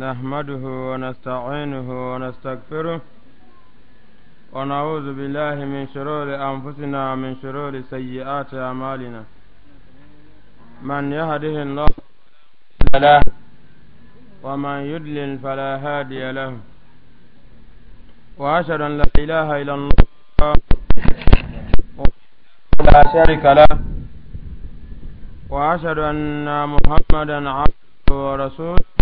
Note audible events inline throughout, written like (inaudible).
نحمده ونستعينه ونستغفره ونعوذ بالله من شرور أنفسنا ومن شرور سيئات أعمالنا من يهده الله فلا ومن يدلل فلا هادي له وأشهد أن لا إله إلا الله لا شريك له وأشهد أن محمدا عبده ورسوله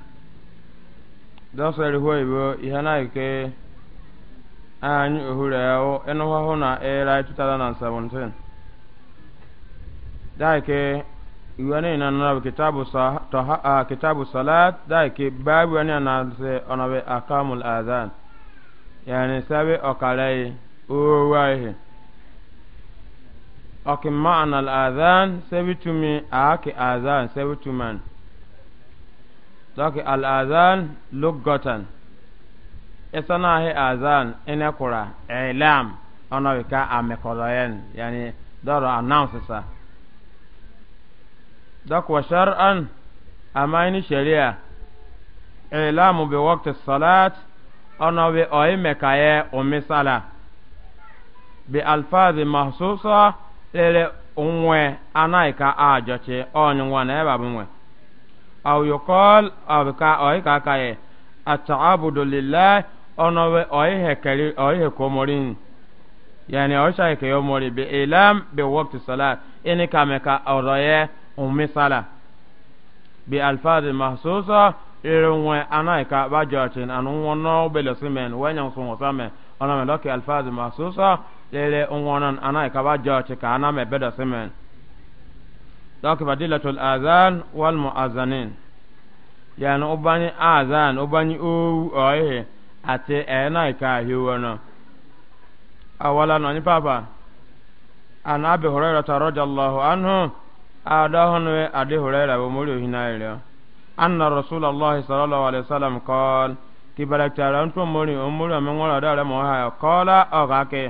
dɔsɛri hɔi bo ihanai ke anyi ohura yawo ɛnu hɔho na ɛra 2017 dai ke iwe ne na na kitabu sa toha a kitabu salat dai ke babu ne na se onabe akamul adhan yani sabe okalai owahi okin ma'ana al adhan sabitumi aaki adhan sabituman donc alazan azan lugotan isana he azan ene kura ilam ona wika amekoloyen yani doro announce sa donc wa amaini sharia ilamu bi waqti salat ona wi oimekaye umisala bi alfazi mahsusa lele onwe anaika ajochi onye nwa na ebe abụ aw yuqal aw ka oy ka ka ye at'abudu lillah ono we oy he kari oy he komorin yani oy shay ke yomori bi ilam bi waqti salat ini ka me ka oroye ummi sala bi alfaz mahsusa irin we anai e ka ba wono bele simen we nyang sun osame me loki alfaz mahsusa lele unwonan anai e ka ba me beda simen donc fadilatul azan wal muazanin yani ubani azan ubani owu oye ati ena ika hiwono awala no ni papa an abi hurairah radhiyallahu anhu adahunwe adi hurairah bo mori ohinaire anna rasulullah sallallahu alaihi wasallam qala kibarakta ran to mori umuri amengora dare mo ha qala agake okay.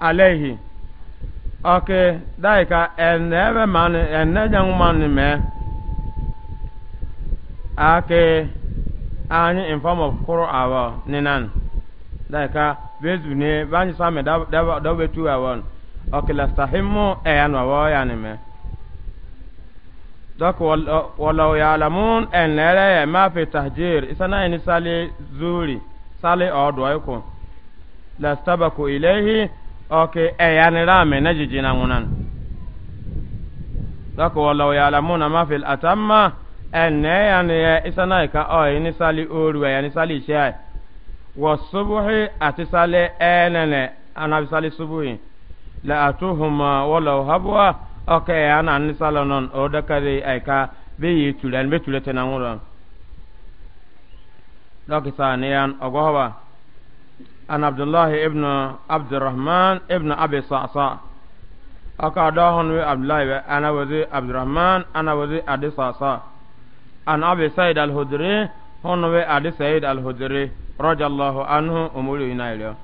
alayhi oke daika enne ebe man enne jangu man me ake anyi in form of kuru awo ninan daika bezu ne banyi same dabe tu awon oke lastahimu eyan wawo yani me dok walau ya'lamun en lere ma fi tahjir isana ni sali zuri sali odo ayko lastabaku ilayhi oke eyanira eh, me na jijina ŋunan dako walau yalamuna ma fil atamma enne eh, ya eh, isanai ka oyi ni sali oruwe yani sali shai wa subuhi ati sali enene anabi sali subuhi la atuhuma walau habwa oke ni o tulete na عن عبد الله ابن عبد الرحمن ابن أبي صعصاع أكادهن عبد الله أنا وزي عبد الرحمن أنا وزي أبي صعصاع عن أبي سعيد الهدري هن أبي سعيد الهدري رضي الله عنه أمولي نايلو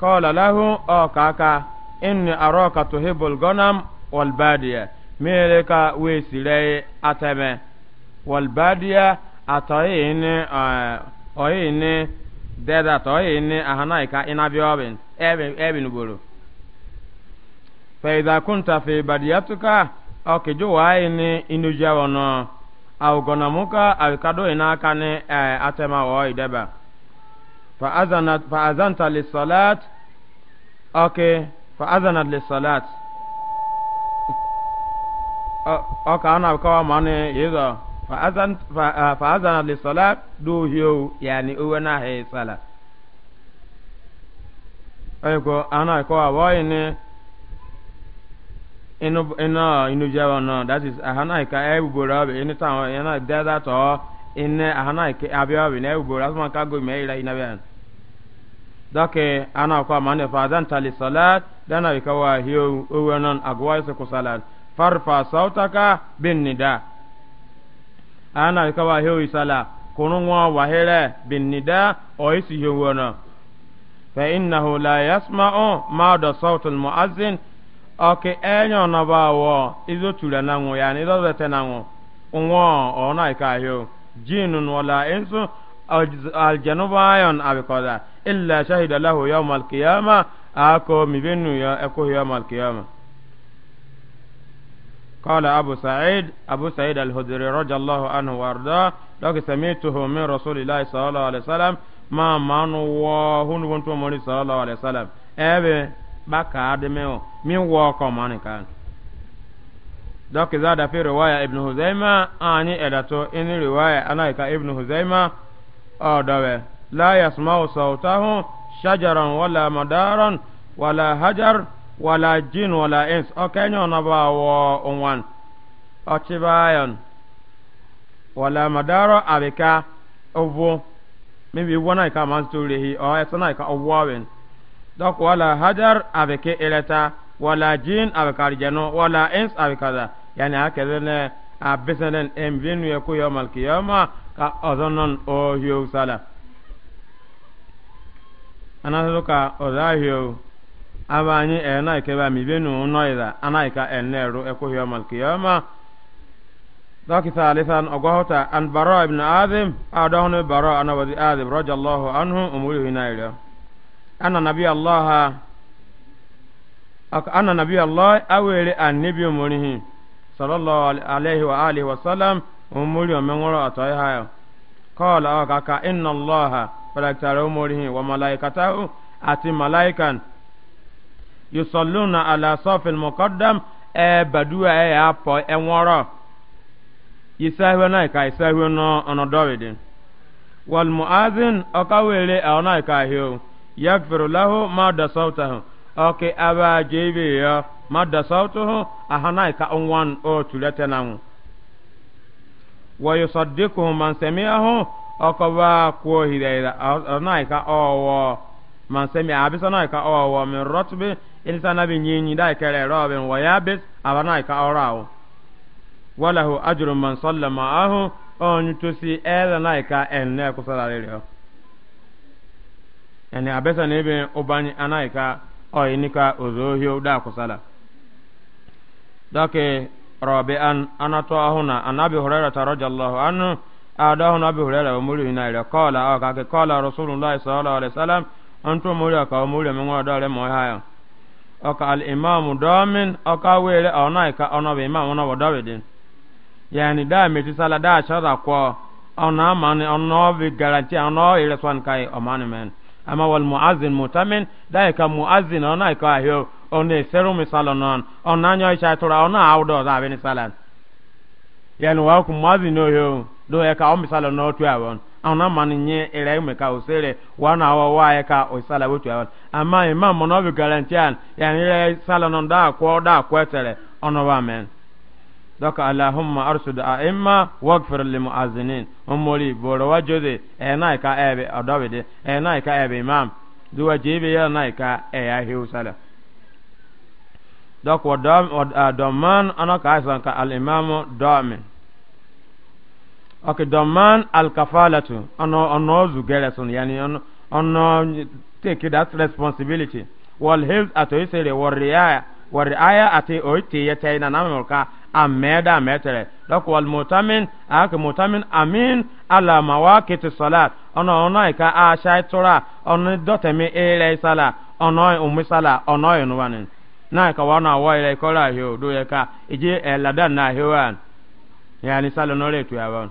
قال له أو كاكا إني أراك تحب الغنم والبادية ميلك ويسيلي أتمه والبادية أتاين أين deda toyi ni ahana ika inabiobin ebin buru. boro fa kunta fi badiyatuka oke juwa ni inuja wono awgonamuka awikado ina aka ni eh, atema woyi deba fa azanta lis-salat oke fa azanat lis-salat o ka ana ko mane yizo faazan fa azana li sala do hiyo yani uwe na he sala ayiko ana ko awoyi ni inu ina inu jawa that is ahana ka e bubora be ni ta yana dada to inne ahana ke abia be ne bubora ma ka go me ira ina be dake ana ko amane fa azan tali salat dana ka wa hiyo uwe non agwa se ko salat farfa sautaka bin nida ana ka wa hewi sala kununwa wa hele bin nida o isi hewono fa innahu la yasma'u ma da sautul muazzin oke enyo na ba wo izo tura na nwo ya ni do te na nwo nwo o na ka hewo jinun wala insu aljanuba ayon abikoda illa shahida lahu yawm alqiyama ako mibenu ya ako yawm alqiyama قال أبو سعيد أبو سعيد الهدري رضي الله عنه وأرضاه لك سمعته من رسول الله صلى الله عليه وسلم ما من وهن وانت مولي صلى الله عليه وسلم أبي بكا دميو من وقو من كان دوك زاد في رواية ابن هزيمة أني إدتو إن رواية أنا ابن هزيمة أو دوي لا يسمع صوته شجرا ولا مدارا ولا هجر wala jin wala ins okenye ona ba wo onwan ochibayon wala madaro abika ovo maybe wona ka man story hi o esana ka owawen dok wala hajar abike eleta wala jin abikar jeno wala ins abikada yani akedene abisenen emvinu yaku yawmal qiyama ka ozonon o hiyo sala anazo ka ozahiyo aba anyị ena ke ba mi benu noida anaika enneru ekohi omal kiyama daki thalithan ogohota an bara ibn azim adohne bara ana wadi azim radiyallahu anhu umuri hinaira anna nabi allah anna nabi allah awere annabi umurihi sallallahu alaihi wa alihi wa sallam umuri omengoro atoy hayo qala kaka inna allah falaktara umurihi wa malaikatahu ati malaikan yusalluna ala safil muqaddam e badu e ya e nworo isahwe na ka isahwe no ono dawidi wal muazin akawele e ona ka hiyo yakfiru lahu ma da sautahu oke aba jebe ya ma da ahana ka onwan o tulete na wa yusaddiquhu man sami'ahu akaba ko ona ka owo man sami'a na ka owo min ilisa na bi nyinyi da kere robin wa yabis abana ka orawo walahu ajrun man salla on ela na ka enne kusala rero yani abesa ne be obani anaika o inika ozohio da na dake rabi'an anato ahuna anabi hurairah radhiyallahu anhu adahuna abi wa muri ina aka qala rasulullah sallallahu alaihi wasallam antu muri aka muri mun wa dare mo haya ọka al imam domin ọka were ọna ka ọna be imam ọna wada din yani daa meti sala da shara ko ọna mani ọna bi garanti ọna ire swan kai ọmani men ama wal muazzin mutamin da ka muazzin ọna ka ahio ọna seru misala non ọna nyo isha tura ọna awdo da be ni sala yani wa ku muazzin no yo do ya ka o no tu awon ana mani nye ere yume ka usere na wa wae ka usala wetu awan ama imam mono bi garantian yani ere sala non da ko da kwetere ono wa men doka allahumma arshud a'imma waghfir lil mu'azzinin umuri boro wajode e nai ka ebe odawide e, e nai ka ebe imam duwa jibe ya nai ka e ya hi usala dok wa dom wa doman ana ka asan ka al imam domin ok doman alkafalatu ono ono zugere sun yani ono ono take that responsibility wal health ato isere warriya warriya ate oite ya taina namurka ameda metere dok wal mutamin ak mutamin amin ala mawaqit salat ono ono ka a shaitura ono dotemi ere sala ono umisala ono yunwanin na ka wana wa ere kola hiyo do ya ka ije eladan na hiwan yani sala no retu yawan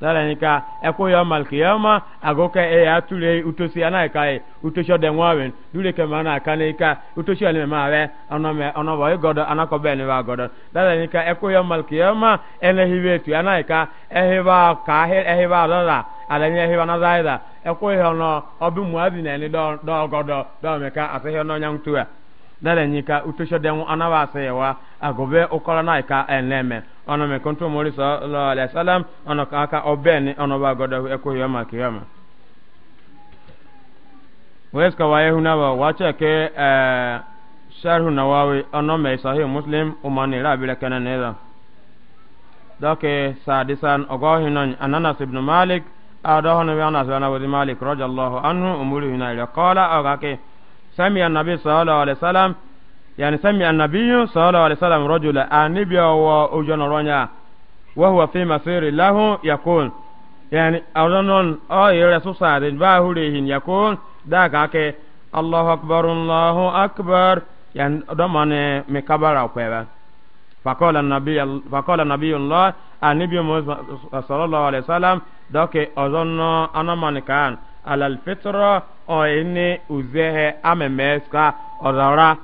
dalani ka eko yo mal ma ago ka e atule utosi ana ka e utosho de nwawen dure ke mana ka ne ka ma we ono me ono boy ka ma yo mal tu ka ehiba ka he ehiba dala ala ni na zaida eko yo no obi muabi na ni do do godo do me ka atihe no nyang tuwa e. ana agobe ukọrọ na ka enleme ọnụ me kuntu mori sallallahu alaihi wasallam ọnụ ka aka obeni ọnụ ba godo eko yoma kiyoma weska waye huna ba wacha ke eh sharhu nawawi ọnụ me sahih muslim umani rabira kana neza doke sadisan ogohinon ananas ibn malik adohono wi anas wana wadi malik radiyallahu anhu umuri hina ila qala agake sami annabi sallallahu alaihi wasallam yani sami annabiyu sallallahu alaihi wasallam rajula anibi wa ujana ronya wa huwa fi masiri lahu yakun yani awdanon o yere susadin ba hurehin yakun da ka ke allahu akbar allahu akbar yani domane me kabara kweba فقال النبي فقال النبي الله النبي صلى الله عليه وسلم دوك أظن أنا من كان على الفطرة أو إني أزه أممسك أضرا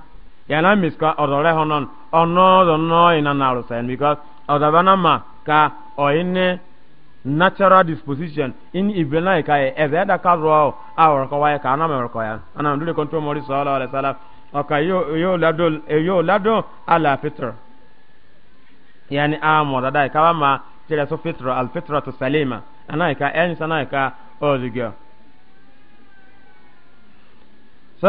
yana miska odore honon ono dono ina narusen because odabana ma ka oine natural disposition in ibena ka e, ebe da ka ro awor ko waye ka na me ko ya ana ndule kon to mori sallallahu alaihi wasallam aka yo yo lado e, yo lado ala fitr yani amo da dai ka ma tire so fitr al fitratu salima ana ka en sana ka odigyo so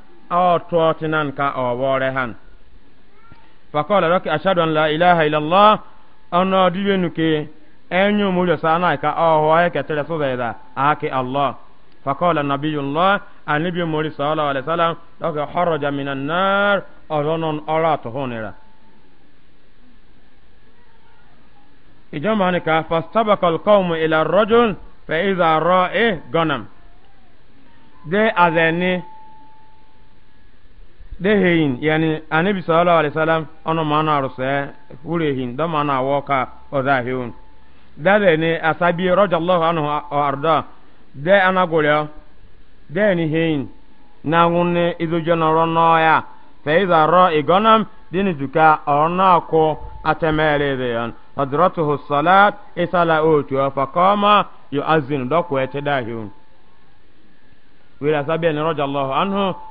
أو توتنان كا أو ورهان فقال لك أشهد أن لا إله إلا الله أنا دينك أنيو مولى سانايكا أو هو هيك تلسوزا أهكي الله فقال النبي الله النبي مولى صلى الله عليه وسلم لك خرج من النار أظن أرات هونيرا إجمع هناك فاستبق القوم إلى الرجل فإذا رأى غنم دي أذني deheyin yani anabi sallallahu alaihi wasallam ono mana aruse hurehin da mana woka ozahiun dale ne asabi radiyallahu anhu arda de anagolya de ni hein na ngunne izojo noro noya fa iza ra igonam dini duka orna ko atemere de yan hadratuhu salat isala otu fa qama yu'azzin wira sabi anhu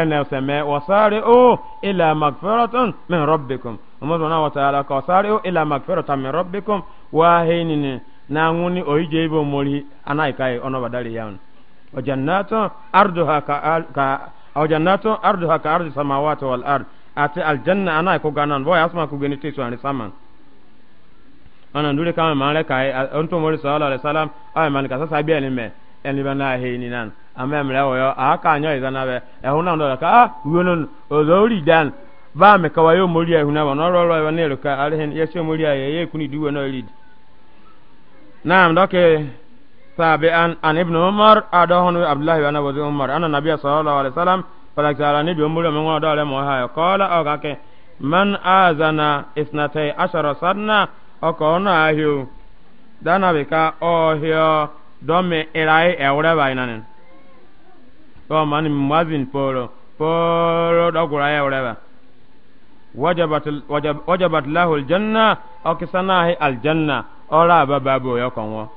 ẹnẹ sẹmẹ wasaare o ila magfẹrọtọn mi rọbikum ọmọdúnrún wọtaala ka wasaare o ila magfẹrọtọn mi rọbikum waahinini naanwuni oyije ibo mori anaikaye ọnọbadari yan ọjannatọ arduha ka ka ọjannatọ arduha ka ardu samawati wal ard ati aljanna anaiko ganan bọyọ asuma ko geni tesu ani saman ana ndure kama maale kaye ontomori sallallahu alaihi wasallam ayi man ka sasa bi ẹni mẹ ẹni bẹ naa heyi ni nan amemre oyo aka anyo izana be ehuna ndo ka ah, uyono ozori dan ba me kawayo mori ehuna ba no roro ba nero ka alhen yeso mori aye ye kuni duwe no lid naam doke sabe an an ibn umar adahun abdullah ibn abu umar ana nabiy sallallahu alaihi wasallam fala kala ni bi umur me ngodo le mo ha qala o kake man azana isnatay ashara sanna o ko no ahio dana be ka ohio dome irai ewre ba inanin to man muazin poro poro do gura ya wala wajabat wajabat lahu aljanna aw kisanahi aljanna ora ya yokonwo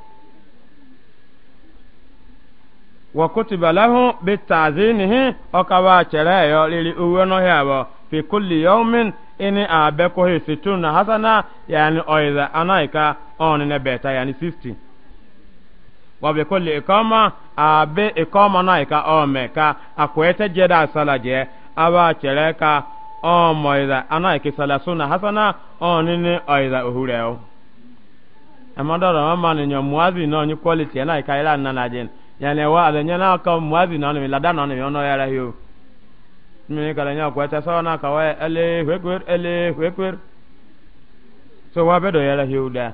wa kutiba lahu bitazinihi okawa chere yo lili uwe no yabo fi kulli yawmin ini abe ko na hasana yani oiza anaika on ne beta yani 60 wabe kulli ikoma abe ikoma na ika ome ka akwete jeda asala je aba chere ka ọmọ ìdá aná ìkísàlẹ̀ súnà hasana ọ̀n níní ọ̀ìdá o. ẹ̀mọ́dọ̀rọ̀ wọn máa nìyàn muazi náà ní kwọ́lìtì ẹ̀ náà ìka na nana jẹ́ na wá àlẹ́yìn náà kọ́ muazi náà nìmi ládà náà nìmi ọ̀nà yàrá yìí o. mímu ní kàlẹ́ yẹn kọ́ na so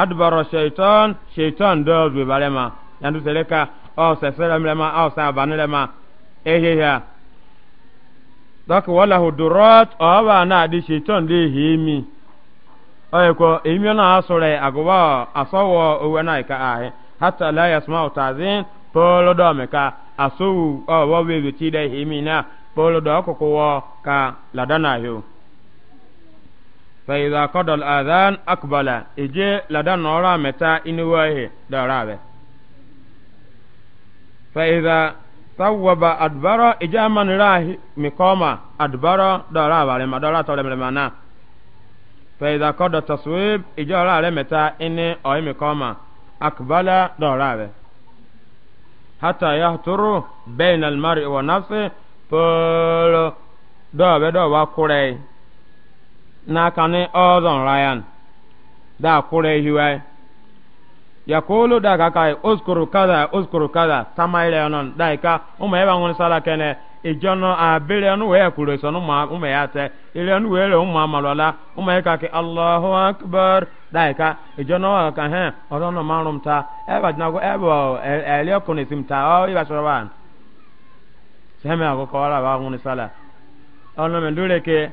adubaro shaitan shaitan doz we barema yandu seleka o oh, sesere mrema o oh, ma banrema ehehia eh. dok wala hudurat o ba na di shaitan de himi oyeko imi na asore agoba asowo na ika ahe hatta la yasma'u ka ti na polo do ko ka ladana فإذا قضى الآذان أقبل إجي لدى نورا متى إنواه درابة فإذا ثوب أدبر إجا من راه مقام أدبر درابة لما درات لما فإذا قضى التصويب إجا راه متى إني أي مقام أقبل درابة حتى يهتر بين المرء ونفسه فلو دوبة دوبة كوري n'aka ni ọzọ rayan da kure hiwa ya kolo da ka kai uskuru kaza uskuru kaza tama ile onon daa ka ụmụ ebe ngun sala kene ijọ ijono abire onu we kure sonu ma ụmụ ya te ile onu wele umu amalola umu ka ke allahu akbar da ka ijono wa ka he odono marum ta eba na go eba ele okuni simta o iba shoraban sema ko ko ọrụ abụọ ngun sala ono men dure ke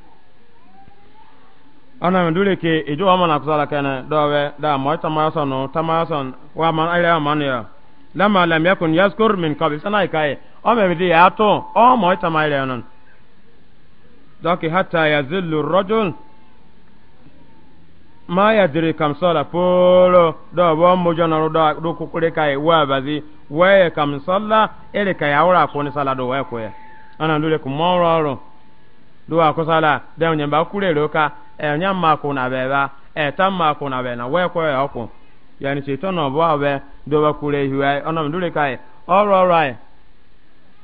ana mi dule ke ijo wa mana kusala kana dowe da moy tamason no tamason wa man ayra man ya lama lam yakun yaskur min qabl sana kai o me di ato o moy tamayra non doki hatta yazillu ar-rajul ma yadiri kam sala polo do bo mo jona do do kukure kai wa bazi we kam sala ele kai awra ko ni sala do we ko ya ana dule ku mo ro ro do akosala da nyamba kure ro ka enya mako na beba eta mako na bena we ko ya ko yani se tono bo be do ba kure hiwa ono ndure ọrụ all right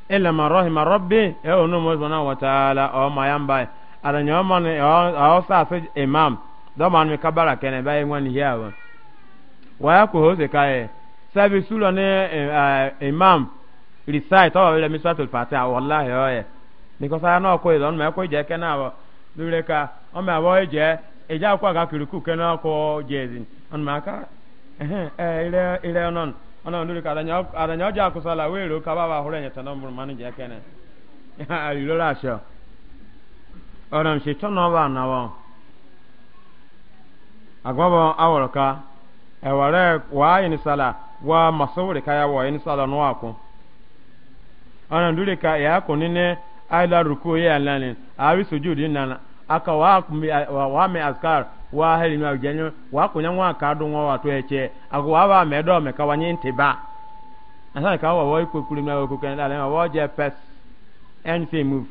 illa ma rahima rabbi e ono mo zona wa taala o ma yamba ala nyoma ne e, imam sa anụ imam do man mi kabara kene ba ngwan hiwa wa ko hoze kai sabi sura ne imam recite o le mi suratul fatiha wallahi oye nikosa na ko idon me ko je lure ka o me abo je e ja kwa ga kiriku ke na ko jezi on ma ka eh ile ile non ona lure ka danya adanya ja ku sala we ro ka baba hore nyeta no mur manu je kene ya (laughs) ilo la sho ona shi to no ba na wo agwabo aworoka eware wa yin sala wa masawri ka ya wa yin sala no akun ana lure ka ya e, kunine aila ruku ya lanin awi sujudi nana aka wa wa, wa me askar wa hali na jenyo wa kunya wa ka do wa watu eche ago wa ba me do me ka wanyi ntiba asa ka wa wa ku kuri na ku kan dala wa je pes anything move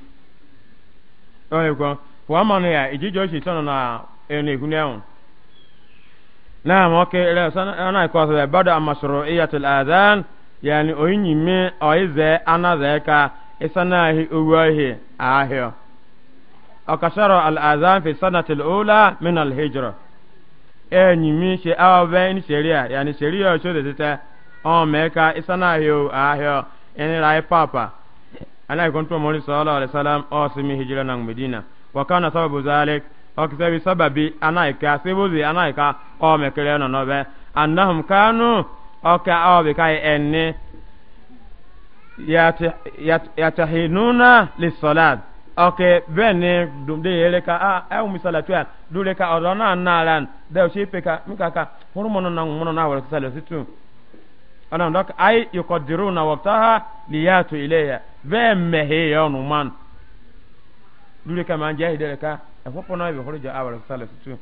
o ye ko wa ma no ya ijijo shi tono na ene hune on na mo ke re sana na ko so bada amashru'iyatul adhan yani oyinyi me oize anaze ka isanahi uwahi ahio akasharo al'azan fi sanati al'ula min al-hijra enyi se awe ni sheria yani sheria o tete o rai papa ana ni sallallahu alaihi wasallam o hijra nang medina na kana sababu zalik o kisabi sababi ana ika sibuzi ana ika o ka yatahinuna lisalat ok bene dumde yele ka a e mi salatu ya dule ka odona nalan da o shepe ka mi kaka huru mono na mono na wala sala situ ana ndak ay yuqaddiruna waqtaha liyatu ilayya be mehe yonu man dule ka man jahi dele ka e popo na be huru ja wala sala situ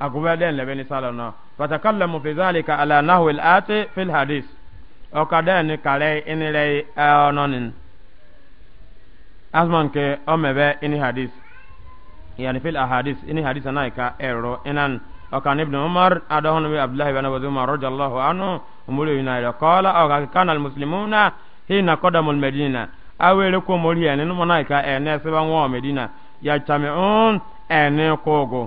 agubaden le beni sala na fatakallamu fi zalika ala nahwi al-ati fil hadith ọkadẹ́ni kàlẹ́ ìnilẹ̀ ọ̀nọ́nin eh, asman ke omebe ini hadis yani fil ahadis ini hadis anai ero ẹ̀rọ inan ọkan ibn umar adahun bi abdullahi bin abu zuma rọjò allahu anu umuru yunayi kọ́lá ọ̀ka kan almuslimuna hina kọ́dàmul medina awere ko mori ẹni numanayi ka ẹni ẹsẹ̀ medina ya chameun ẹni kógo.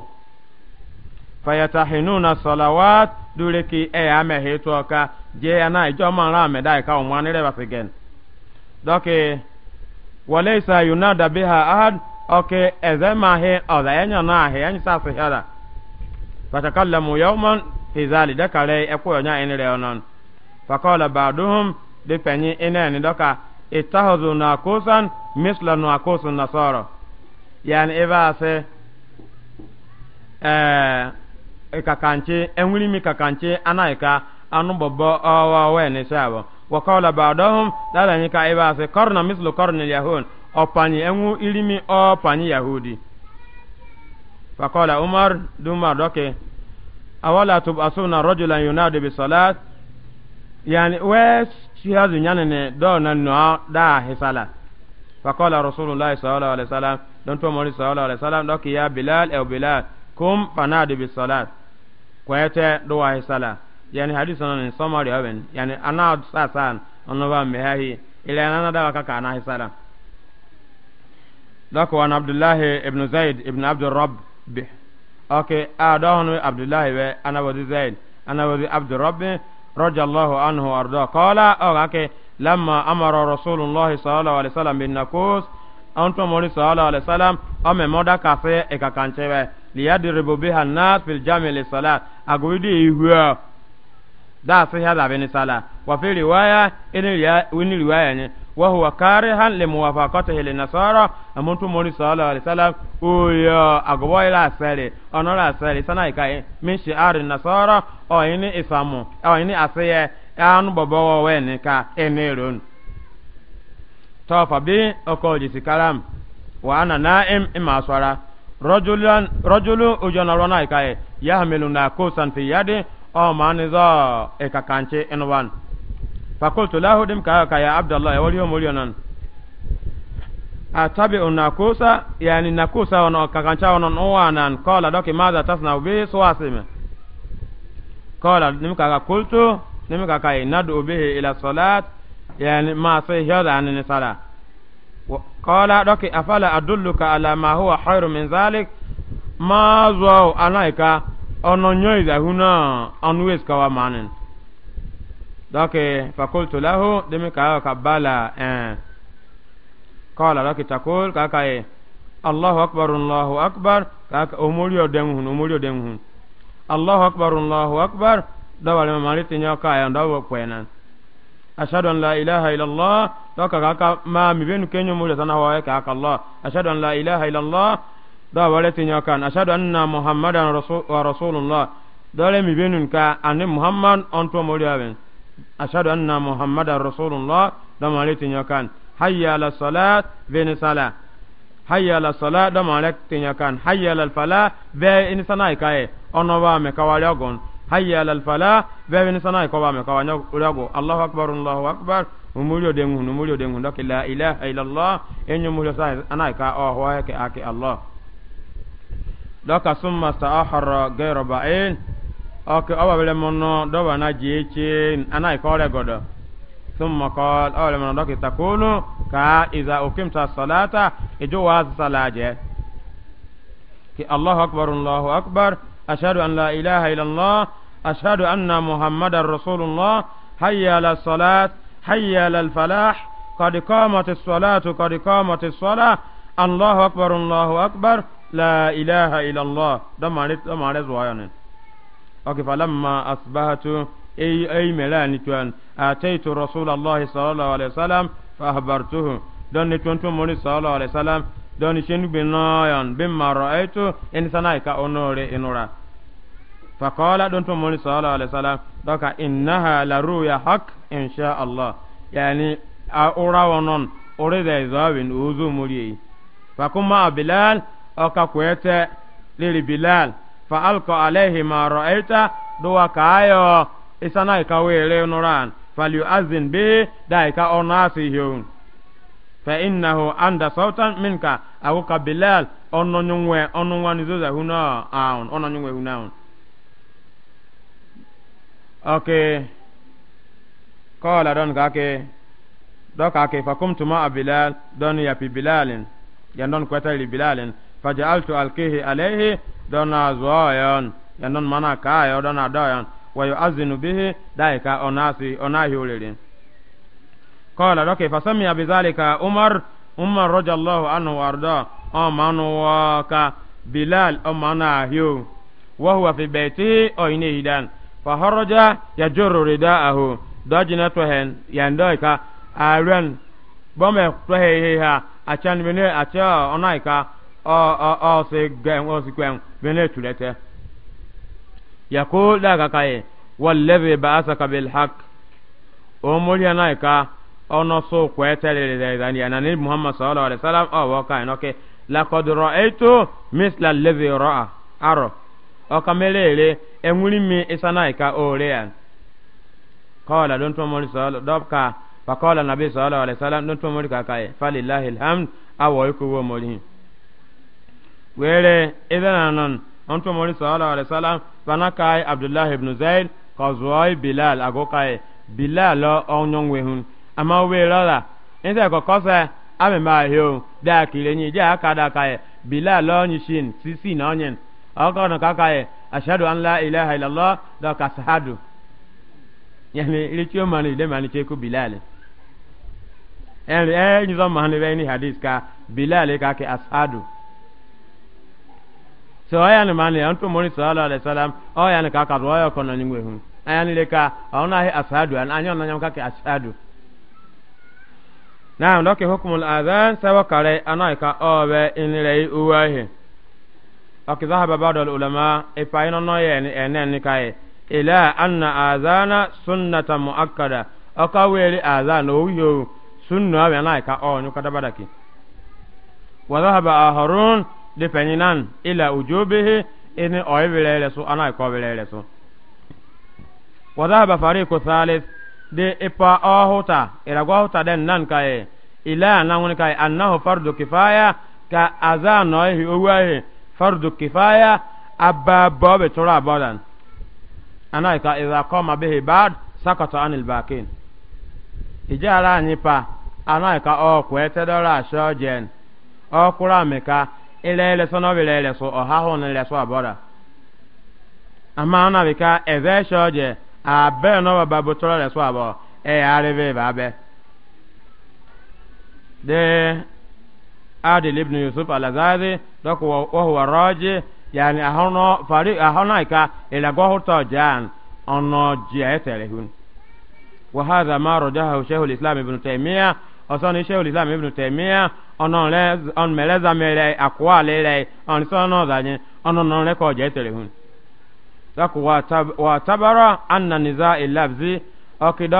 fayatahinuna salawat dure ki e ame heto ka je ana ijo man ra me dai ka o mwan re basigen doke walaysa yunada biha ahad oke ezema he oda enya na he enya sa se hada fatakallamu yawman fi zali dakare e ko nya en re onon faqala ba'duhum de penyi ina ni doka ittahazu na kusan misla na kusan nasara yani eba se eh E kakanche enwiri mi kakanche anaika e anu bobo awa we ni sabo wa qala ba'dahum dala ni ka iba e se qarna mislu qarni yahud opani enwu ilimi opani yahudi fa qala umar duma doke awala tubasuna rajulan yunadi bi salat yani we shihazu nyanene do na no da hisala fa qala rasulullah sallallahu alaihi wasallam don to mori sallallahu alaihi wasallam doke ya bilal e bilal kum fanadi bi salat kwete duwa sala yani hadisi ni summary oben yani ana sasan ono ba mehahi ila nana da kaka ana hisala dako wan abdullahi ibn zaid ibn abd rabb bi okay adahun abdullahi we ana wadi zaid ana wadi abd rabb radiyallahu anhu arda qala okay lamma amara rasulullah sallallahu alaihi wasallam bin nakus antum mori sallallahu alaihi wasallam ame moda kafe e kakanchewe liyadribu biha nas fil jami li salat ihu ihua da su ya da bin sala wa fi riwaya in riwaya ne wa huwa karihan li muwafaqatihi li nasara amuntu mori sallallahu alaihi wasallam o ya agwa ila sare onora asare sana ikai e, min shi'ar nasara o ini isamu o ini asiye anu bobo we ni ka eneron tofa bi okoji sikalam wa ana na'im ima swara rajulan rajulu ujana rona ikaye yahmilu na kusan fi yadi o manizo ikakanche inwan fakultu lahu dim kaya kaya abdullah wali yom ulyonan atabi unakusa yani nakusa wana kakancha wana uwanan kola doki maza tasna ubi suwasime kola nimka kakultu nimka kaya nadu ubihi ila salat yani ma sihiyada anini salat قال دوك أفلا أدلك على ما هو خير من ذلك ما زو أنايكا أنو نيوز هنا أنويز كوا مانن دوك فقلت له دمك كبالا إيه. قال دوك تقول كاكاي الله أكبر الله أكبر كاك أموليو دمهن أموليو دمهن الله أكبر الله أكبر دوال ممالي تنيوكا يندو كوينان ashhadu an la ilaha illallah to ka ka ma mi benu kenyo mo sana wa ka ka allah ashhadu an la ilaha illallah da wale tinyo kan ashhadu anna muhammadan rasul wa rasulullah dole mi benu ka ani muhammad on to mo yaben ashhadu anna muhammadan rasulullah da wale tinyo kan hayya ala salat beni sala hayya ala salat da wale tinyo kan hayya ala fala be in sana ikaye ono wa me kawali ogon hayya alal fala bebe ni sana ko ba me ko wanyo ulago allahu akbar allahu akbar umulio de ngun umulio de ngun doki la ilaha illallah enyo mulio sa ana ka o ho ke ake allah doka summa sta'ahara ghayra ba'in oke awa bele mono doba na jeche ana ko le godo ثم قال أول من ذلك تقول كا إذا أقمت الصلاة إجواز صلاة الله أكبر الله أكبر أشهد أن لا إله إلا الله أشهد أن محمد رسول الله حي على الصلاة حي على الفلاح قد قامت الصلاة قد قامت الصلاة الله أكبر الله أكبر لا إله إلا الله ده معنى ده معنى زوايان أوكي فلما أصبحت أي أي ملاني توان أتيت رسول الله صلى الله عليه وسلم فأخبرته دون تون تون صلى الله عليه وسلم دون شنو بنايان بما رأيت إنسانا يكا أنوري إنورا فقال دون تمولي صلى الله عليه وسلم دوكا إنها لرؤيا حق إن شاء الله يعني أورا ونون أريد إذابين أوزو مولي فكما بلال أكا كويت لبلال فألقى عليه ما رأيت دوكا أيو إسانا إكاوي لنوران فليؤذن به دايكا أناسي هون فإنه عند صوتا منك أو بلال أنو نيوه أنو وانزوزه هنا أون أنو نيوه هنا أون ok kola don ka ke do ka ke fa kumtu ma bilal don ya pi bilalin ya don kwata li bilalin fa ja'altu alkihi alayhi don azwayan ya don mana ka ya don adayan wa yu'azinu bihi daika onasi onahi ulilin kola do ke fa sami ya bizalika umar umar radiyallahu anhu warda o manu wa bilal o mana hiu wa huwa fi baytihi o inehidan. fahoroja ya joro rida ahu dojina tohen ya aryan arian bome tohe ihe ha achan bene acha onaika o o o se gen o si kwen bene tulete yakul daga kai wallazi ba'asaka bil haqq o mori anaika ono so kwetere da idan ya nani muhammad sallallahu alaihi wasallam o wa kai noke laqad ra'aytu misla allazi ra'a aro o kamelele enwuri mi isana ka ore yan kọla don to mori sala dabka fa nabi don mori ka kai falillahi alhamd awoy ko wo mori were nan to mori sallallahu alaihi wasallam bana kai abdullah ibn zaid qazwai bilal ago kai bilal onyon wehun ama we lala nse ko kosa ame ma hio da nye ni aka kada kai bilal onyi sisi na onyen aka na kaka ye ashadu an la ilaha illallah da ka sahadu yani ile ciyo mani ile mani ce ku bilal en eh ni mani be ni hadis ka bilali ka ke ashadu so aya ni mani an to moni sallallahu alaihi wasallam o oh, ya ni kaka ro ya kono ni ngwe hu aya ni le ka ona he ashadu an anyo na nyam ka ke ashadu naam loke hukmul adhan sawa kare eh, anaika obe oh, inilei uwahi eh. أك ذهب بعض العلماء إفاين نوي أنن كاي إلى أن آذان سنة مؤكدة أكويل آذان ويو سنة ونايكا أو نكتبدك وذهب آخرون لفنينان إلى وجوبه إن أوي بليلسو أنا يكو بليلسو وذهب فريق ثالث دي إبا أوهوتا إلى قوهوتا دن نان كاي إلى أنه كاي أنه فرد كفاية كأذان نويه أويه fardu kifaya abba bobe tura bodan anaika idha qama bihi ba'd sakata anil bakin ijara anyi pa anaika o kwete dora shojen o kura meka ile ile so no bile ile so o ha ho ile so abora ama ona bika eve shoje abe no baba botora ile so abo e arive babe de adil ibn yusuf alazazi dɔk wahuwa rɔji yani ahono fari ahono ika ila gohuto jan ono jia etere hun wa hadha ma rajaha shaykh al-islam ibn taymiyyah أصلا شيخ الإسلام ابن تيمية أنا لا أن ملزا ملأ أقوال لي أن سنا ذاني أنا نلا كوجة تلهون ذاك واتب واتبرا أن نزاع اللفظ أكيد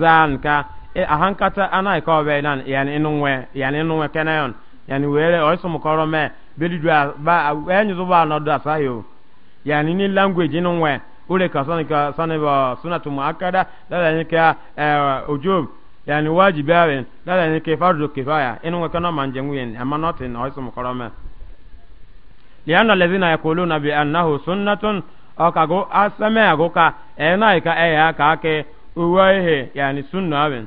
زان كا أهان كتا أنا يكوي بينان يعني إنه يعني إنه كنايون yani were oiso mukoro me beli dua ba enyu zo ba no do yani ni language no nwe ule ka sani ka sani ba sunatu muakkada dala ni ka ujub eh, yani wajibi awen dala ni ka fardu kifaya inu we kana manje ama notin mukoro me uwa ihe yani sunna awen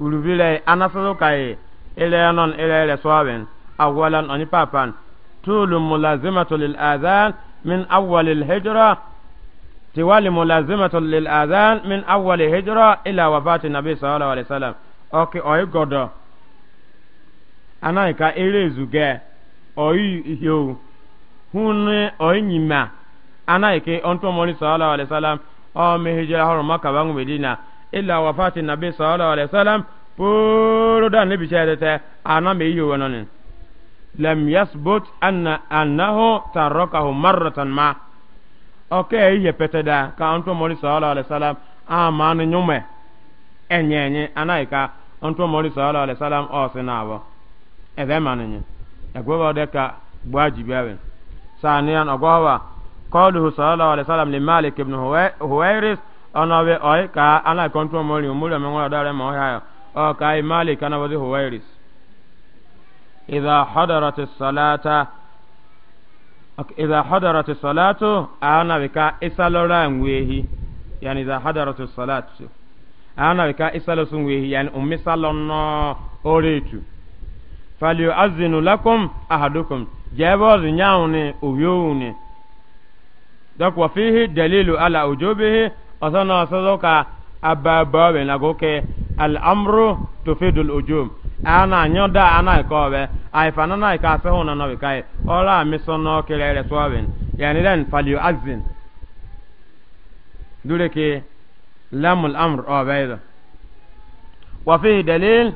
ulubile anasoro kai ile non ile ile swaben awalan oni papan tulu mulazimatu lil adhan min awwal al hijra tiwali mulazimatu lil adhan min awwal hijra ila wafati nabi sallallahu alaihi wasallam oke oyi godo anaika ere zuge oyi ihio hunne oyi nyima anaike onto mori sallallahu alaihi wasallam o mi hijra horo makka bangu medina illa wafati nabi sallallahu alaihi wasallam poro da nabi shahadata ana mai yi wannan lam yasbut anna annahu tarakahu marratan ma okay ye petada ka antu mori sallallahu alaihi wasallam amani nyume enyenye anaika antu mori sallallahu alaihi wasallam osinawo ebe maninye agwaba de ka gwajibi awen saniyan agwaba قوله صلى الله عليه وسلم لمالك بن هويرس ona be oy ka ana kontrol mori umuri me ngora dare mo hayo o ka i malik ana wazi huwairis idha hadarat as-salata idha hadarat as-salatu ana we ka isalora ngwehi yani idha hadarat as-salatu ana we ka isalo sungwehi yani ummi salonno oretu falyu'azzinu lakum ahadukum jebo zinyauni uvyuni dak wa fihi dalilu ala ujubihi osono sozo ka ababa be na goke al amru tufidul ujum ana nyoda ana e ko be ay fanana e ka se hono no be kai ola mi sono kelele so ben yani den falyu azin dole ke lamul amr o bayda wa fi dalil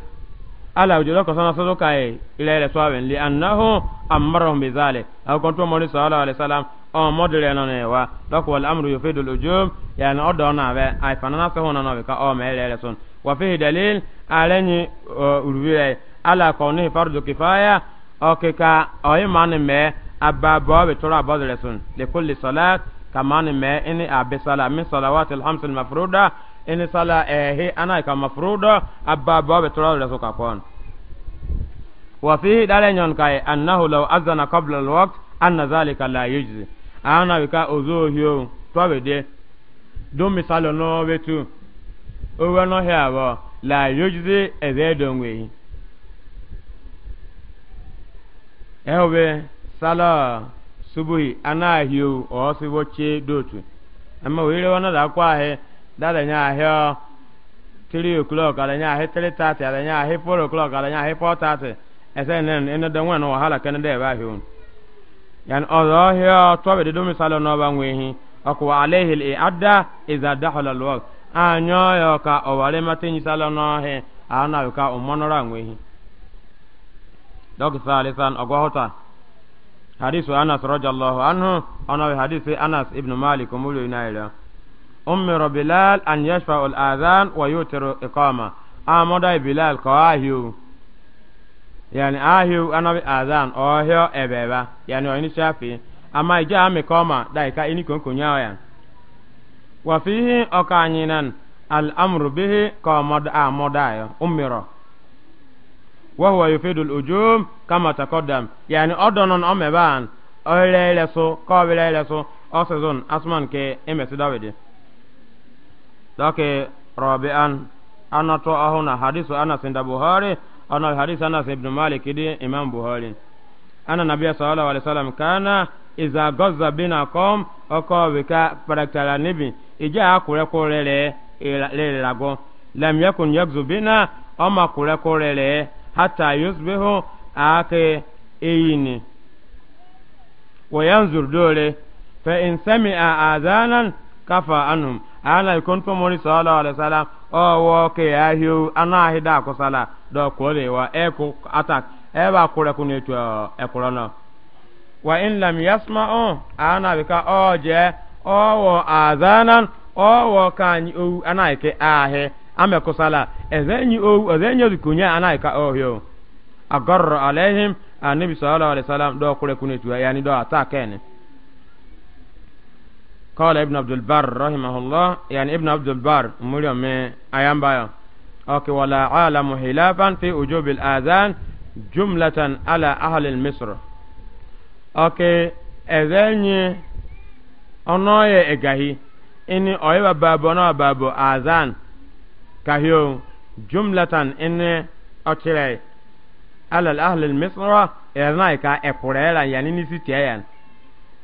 ala ujulo ko sana sozo kai e, ilele so ben li annahu amarahum bi zalik aw kontu mo sallallahu alaihi wasallam on model yana ne wa dak wal amru yufidu al ujum yani odo na be ay fanana ko hono no be ka o me lele sun wa fihi dalil alani urwiye ala kawni fardu kifaya o ke ka o imani me abba bo be tora bodle sun li kulli salat kamani me ini abi sala min salawatil hamsil mafruda ini sala ehe ana ka mafruda abba bo be tora le so ka kon wa fihi dalanyon kai annahu law azana qabla al waqt anna zalika la yujzi ana wika ozo ohio twabe de don misalo no betu owe no hia bo la yojize eze dongwe ewe sala subuhi ana ahio o sibo che dotu ama wele wana da kwa ahe dada nya ahio 3 o'clock ala nya ahe 3:30 ala nya ahe 4 o'clock ala nya ahe 4:30 ese nen ene da nwa no wahala kan da ba ahio yani odohio tobe de domi salo no ba ngwehi ako alayhi al-i'adda e idha dakhala al-waqt anyo yo ka owale matenyi salo no he ana yo ka umonora ngwehi dog salisan ogohota hadisu anas radiyallahu anhu ana bi hadisi anas ibn malik umulu inaira ummi bilal an yashfa al-adhan wa yutiru iqama amoda bilal qawahiyu yani ahiu anabi azan ohio ebeba yani oyini shafi ama ija ami koma daika ini konkonya ya wa fihi okanyinan al amru bihi qamad amodayo umiro wa huwa yufidu al ujum kama taqaddam yani odonon omeban oilele so kobilele so osezon asman ke emesi dawidi doke rabi'an anato ahuna hadisu anas inda buhari أنا حديث أنس بن مالك دي إمام بخاري أن النبي صلى الله عليه وسلم كان إذا غز بنا قوم أكو بكا فرقتال النبي إجا أكو ليلة لم يكن يغزو بنا أما كو ليلة حتى يصبح آكي إيني وينظر دولي فإن سمع آذانا كفى عنهم أنا يكون كمولي صلى الله عليه وسلم owo ke ahio ana ahida akusala do kore wa eku atak eba kure kunu etu ekwụrụ ekurona wa in lam yasma'u ana bika oje owo azanan owo anyị owu ana ike amekwụsala eze enyi owu eze ezenyi ozukunye ana ika ohio agarra alaihim annabi sallallahu alaihi wasallam do kure kunu etu yani do atakene eh, قال ابن عبد البر رحمه الله يعني ابن عبد البر مريم ايام بايا اوكي ولا عالم خلافا في وجوب الاذان جملة على اهل مصر اوكي اذاني انوي اغاهي اني اويبا بابو نو بابو اذان كهيو جملة اني اوتيري على الاهل المصر اذنايكا اقريلا يعني نسيتيان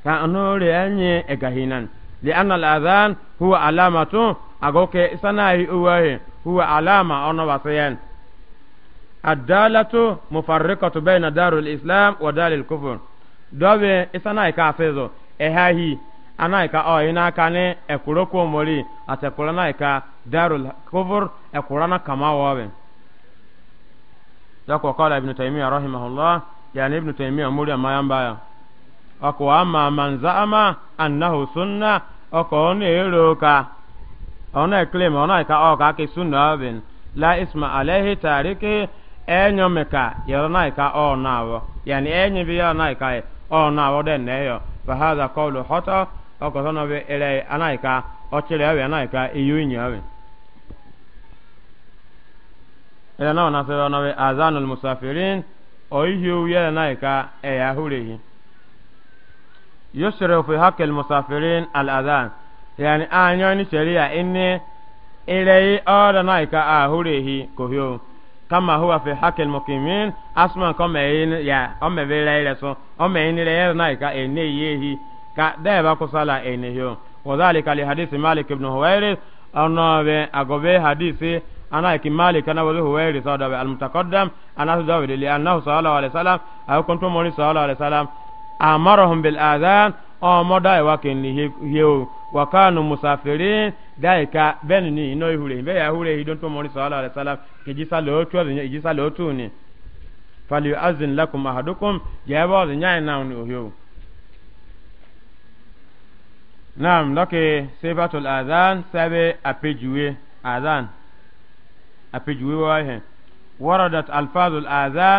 كانوا رياني اغاهينان لأن الأذان هو علامة أقولك سناي أوه هو علامة أنا وصيان الدالة مفرقة بين دار الإسلام ودار الكفر دوبي سناي كافيزو إهاهي أنا إكا أو هنا كان أكلوكو مولي أتكلنا إكا دار الكفر أكلنا كما وابن ذاك وقال ابن تيمية رحمه الله يعني ابن تيمية مولي ما ينبغي ọkụ ama man za'ama annahu sunna ọkụ ọ na-ero ka ọ na-eklim ọ na-eka ọka aka sunna ọbin la isma alaihi tariki enyo meka yọrọ na-eka ọ na-awọ yani enyi bi yọrọ na-eka ọ na-awọ den na ya. fahaza kọlu họtọ ọkụ sọ na ere anaghịka ọchịrị ọbịa anaghịka iyu inyi ọbin ere na ọ na-asịrị ọ na bi azanul musafirin oyihi uwe na-eka eya hurehi yusra fi hakil musafirin al'adhan yani a nyoni sharia inni ilai oda na ika a hurehi kohyo kama huwa fi hakil mukimin asman kama yin ya ome vela ile so ome yin ile yero na ika ene yehi ka deba kusala ene yo wadhalika li hadisi malik ibn huwairis anabe agobe hadisi ana ki malik ana wa huwairis oda al mutaqaddam ana dawe li annahu sallallahu alaihi wasallam ay kuntum sallallahu alaihi wasallam amarahum bil adhan ọmọ dáì wá kì ní ihe o wakanu musafiri dáì ka bẹ́ẹ̀ni ní iná ihure ìbẹ́ yà ihure yìí dọ́ntọ́ mọ́rin sọ́ọ́lá rẹ̀ sálá kìjísà lóòtú ọ̀dìyàn ìjísà lóòtú ni fali azin lakum ahadukum jẹ́bọ́ ọ̀dìyàn yìí náà ní òhì o. naam lọ́kì sefatul adhan sẹ́bẹ̀ àpèjúwe adhan àpèjúwe wáyé wọ́rọ̀dàt alfazul adhan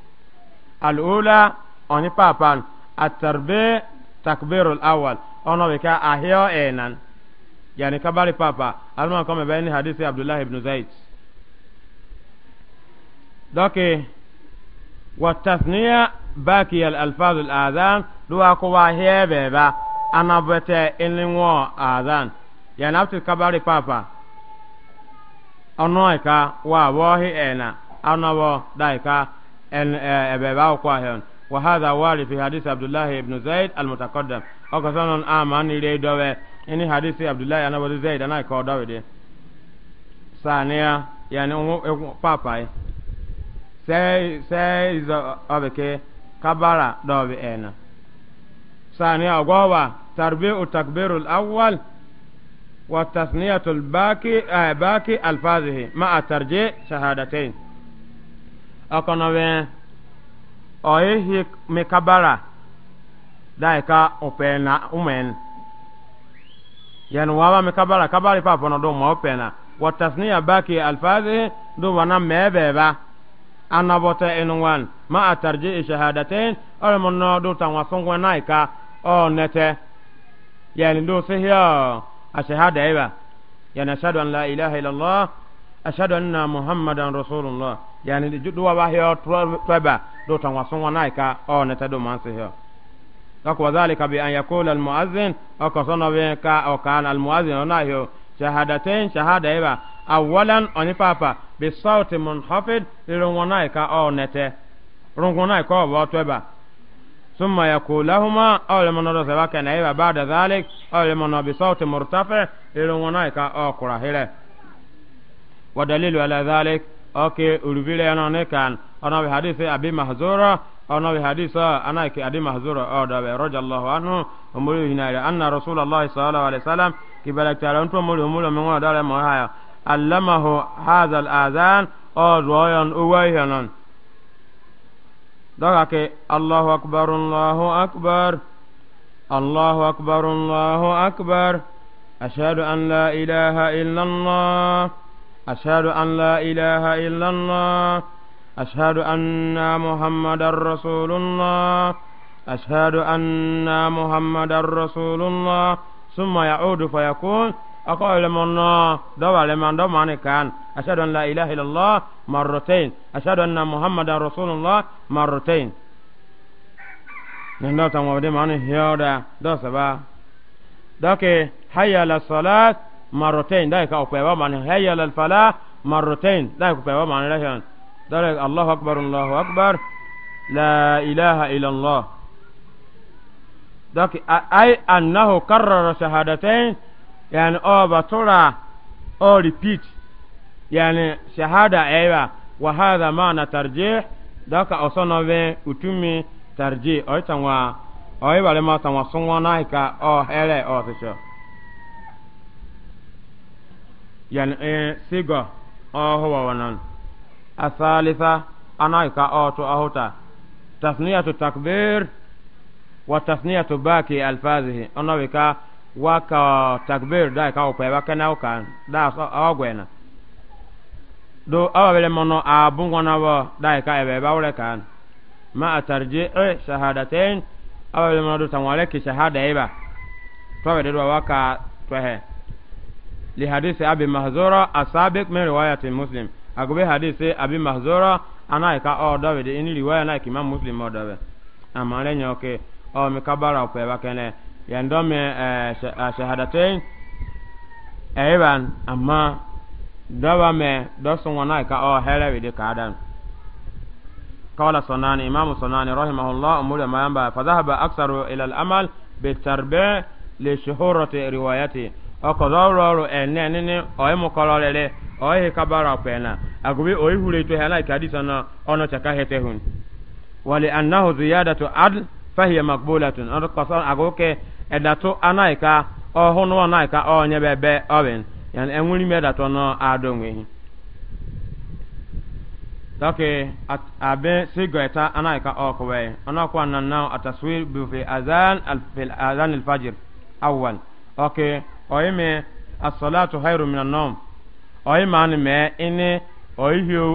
al'ula oni papan atarbe takbirul awal ona be ka ahyo enan yani kabari papa alma kama bayani hadisi abdullah ibn zaid doke والتثنية باقي الألفاظ الآذان دوا كوا هي بيبا أنا بتا إنلمو آذان يعني أبت الكباري بابا أنويكا وابوهي إنا أنوو دايكا ان آه، اباو كوهن وهذا وارد في حديث عبد الله بن زيد المتقدم او كسان امان لي دوه ان حديث عبد الله انا ابو زيد انا كو دوه دي ثانيه يعني بابا سي سي اوكي كبارا دوه انا ثانيه غوا تربيه التكبير الاول وتثنيه الباقي آه باقي الفاظه مع ترجيع شهادتين ọkọnọ bẹ ọyehi mekabara daika na umen yani wawa mekabara kabari pa pono do mo upena watasniya baki alfazi do wana mebeba anabota enwan ma atarji shahadatain ole monno do tanwa songwa naika o nete yani do sehia ashahada iba yani ashhadu an la ilaha illallah ashhadu anna muhammadan rasulullah yani de judu wa hiyo twaba do tanwa sunwa naika o ne tado manse hiyo ka kwa zalika bi an yakula al muazzin o ka sono be ka o kana al muazzin ona hiyo shahadatain shahada iba e awalan oni papa bi sauti munhafid ronwa naika o nete ronwa naika o bo twaba ثم يقول لهما أو لمن رسل وكان إيبا بعد ذلك أو لمن بصوت مرتفع إلى ونايك أو كراهلة ودليل على ذلك oke urubile yana ne kan ona bi hadisi abi mahzura ona bi hadisa ana ki abi mahzura o da be radiyallahu anhu umuri hinare anna rasulullahi sallallahu alaihi wasallam ki balakta onto umuri umuri mo da le mo haya allamahu hadha al-adhan o royan uwayhanan daga ke allahu akbar allahu akbar allahu akbar allahu akbar ashhadu an la ilaha illa allah أشهد أن لا إله إلا الله أشهد أن محمد رسول الله أشهد أن محمد رسول الله ثم يعود فيكون أقول من دوا لمن دوا كان أشهد أن لا إله إلا الله مرتين أشهد أن محمد رسول الله مرتين نحن دوتا مبدي معنى هيا هيودا سبا دوكي حي على الصلاة مرتين دايك أو كيبا من هيا للفلاح مرتين دايك كيبا من رهيان دايك الله أكبر الله أكبر لا إله إلا الله داك أي أنه كرر شهادتين يعني أو بطلع أو ريبيت يعني شهادة أيوة وهذا معنى ترجيح داك أصنع بين أتمي ترجيح أي تنوى أي بلما تنوى سنوى نايكا أو هلا أو تشوف yani ee sigo ohuwa wanan asalisa anaika otu ahuta tasniyatu takbir wa tasniyatu baki alfazihi onawika waka takbir da ka upe wakana uka da awagwena do awabele mono abungwa nawo da ka ebe bawre kan ma atarji e shahadatain awabele mono do tanwale ki shahada iba tawede do waka twehe لحديث أبي مهزورة السابق من رواية مسلم أقول حديث أبي مهزورة أنا إكا أو داود إن رواية أنا إكما مسلم أو داود أما لن يوكي أو مكبر أو فيبا كنه يندم شهادتين أيضا أما دابا ما دوسون وانا إكا أو هلا ودي كادان قال صناني إمام صناني رحمه الله أمور ما ينبع فذهب أكثر إلى الأمل بالتربيع لشهورة روايته ọkọzọrọ ọrụ ene nini oyi mukọrọ rere oyi kabara kwena agubi oyi hure ito hana ọnụ sana ono chaka hete hun wali annahu ziyadatu adl fahiya maqbulatun ono qasan agoke edatu anaika ohunu anaika onye ya oben yan enwuri me edatu no adonwe Dake abe sigoita anaika okwe onakwa nanna ataswir bi fi azan al fil azan al fajr awwal oyime asolatu hairu minan nom oyimani me ini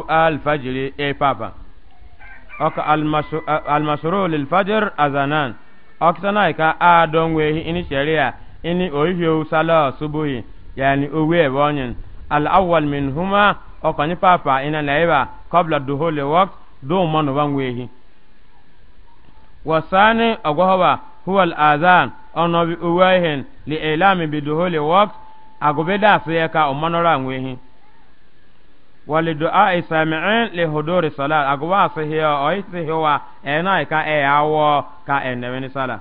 al fajiri e papa oka al eh, almasuru fajir azanan okitana e ka a don wehi ini sharia ini oyihiu sala subuhi yani owe al al'awwal min huma oka ni papa ina laiba qabla duhuli waqt do manu ban hi. wasani agwahoba huwa azan ono bi uwaihin li ilami bi duhuli waqt agobe da su ya ka umanora ngwehin wali du'a isami'in li huduri salat agwa su hiya o isi hiwa ena ka e awo ka enewini sala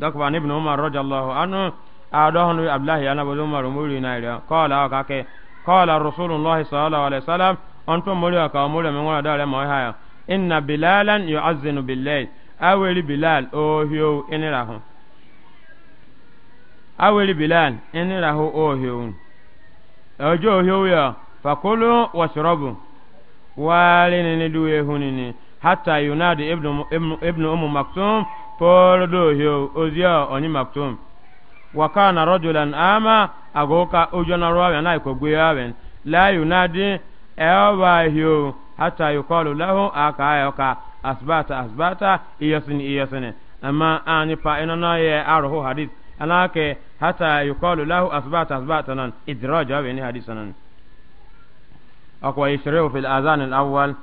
dokwa ibn umar radiyallahu anhu adohon abdullahi ana bodu umar umuri na ira qala ka ke qala rasulullah sallallahu alaihi wasallam onto muri ka umuri mi ngora dare mo haya inna bilal ohio inirahu awiri bilan ini rahu ohiu ojo ohiu ya fakulu washrabu wali ni duwe hunini hatta yunadi ibnu ibnu, ibnu umu maktum polo do ohiu ozia oni maktum na kana rajulan ama agoka ojo na rawa na iko gwe awen la yunadi ewa hiu hata yukalu lahu aka ayoka asbata asbata iyasini iyasini amma ani pa ina na ye aruhu hadith anake hata yukalu lahu asbata asbata nan idraj wa ni hadisa nan akwa yashriu fil azan al awwal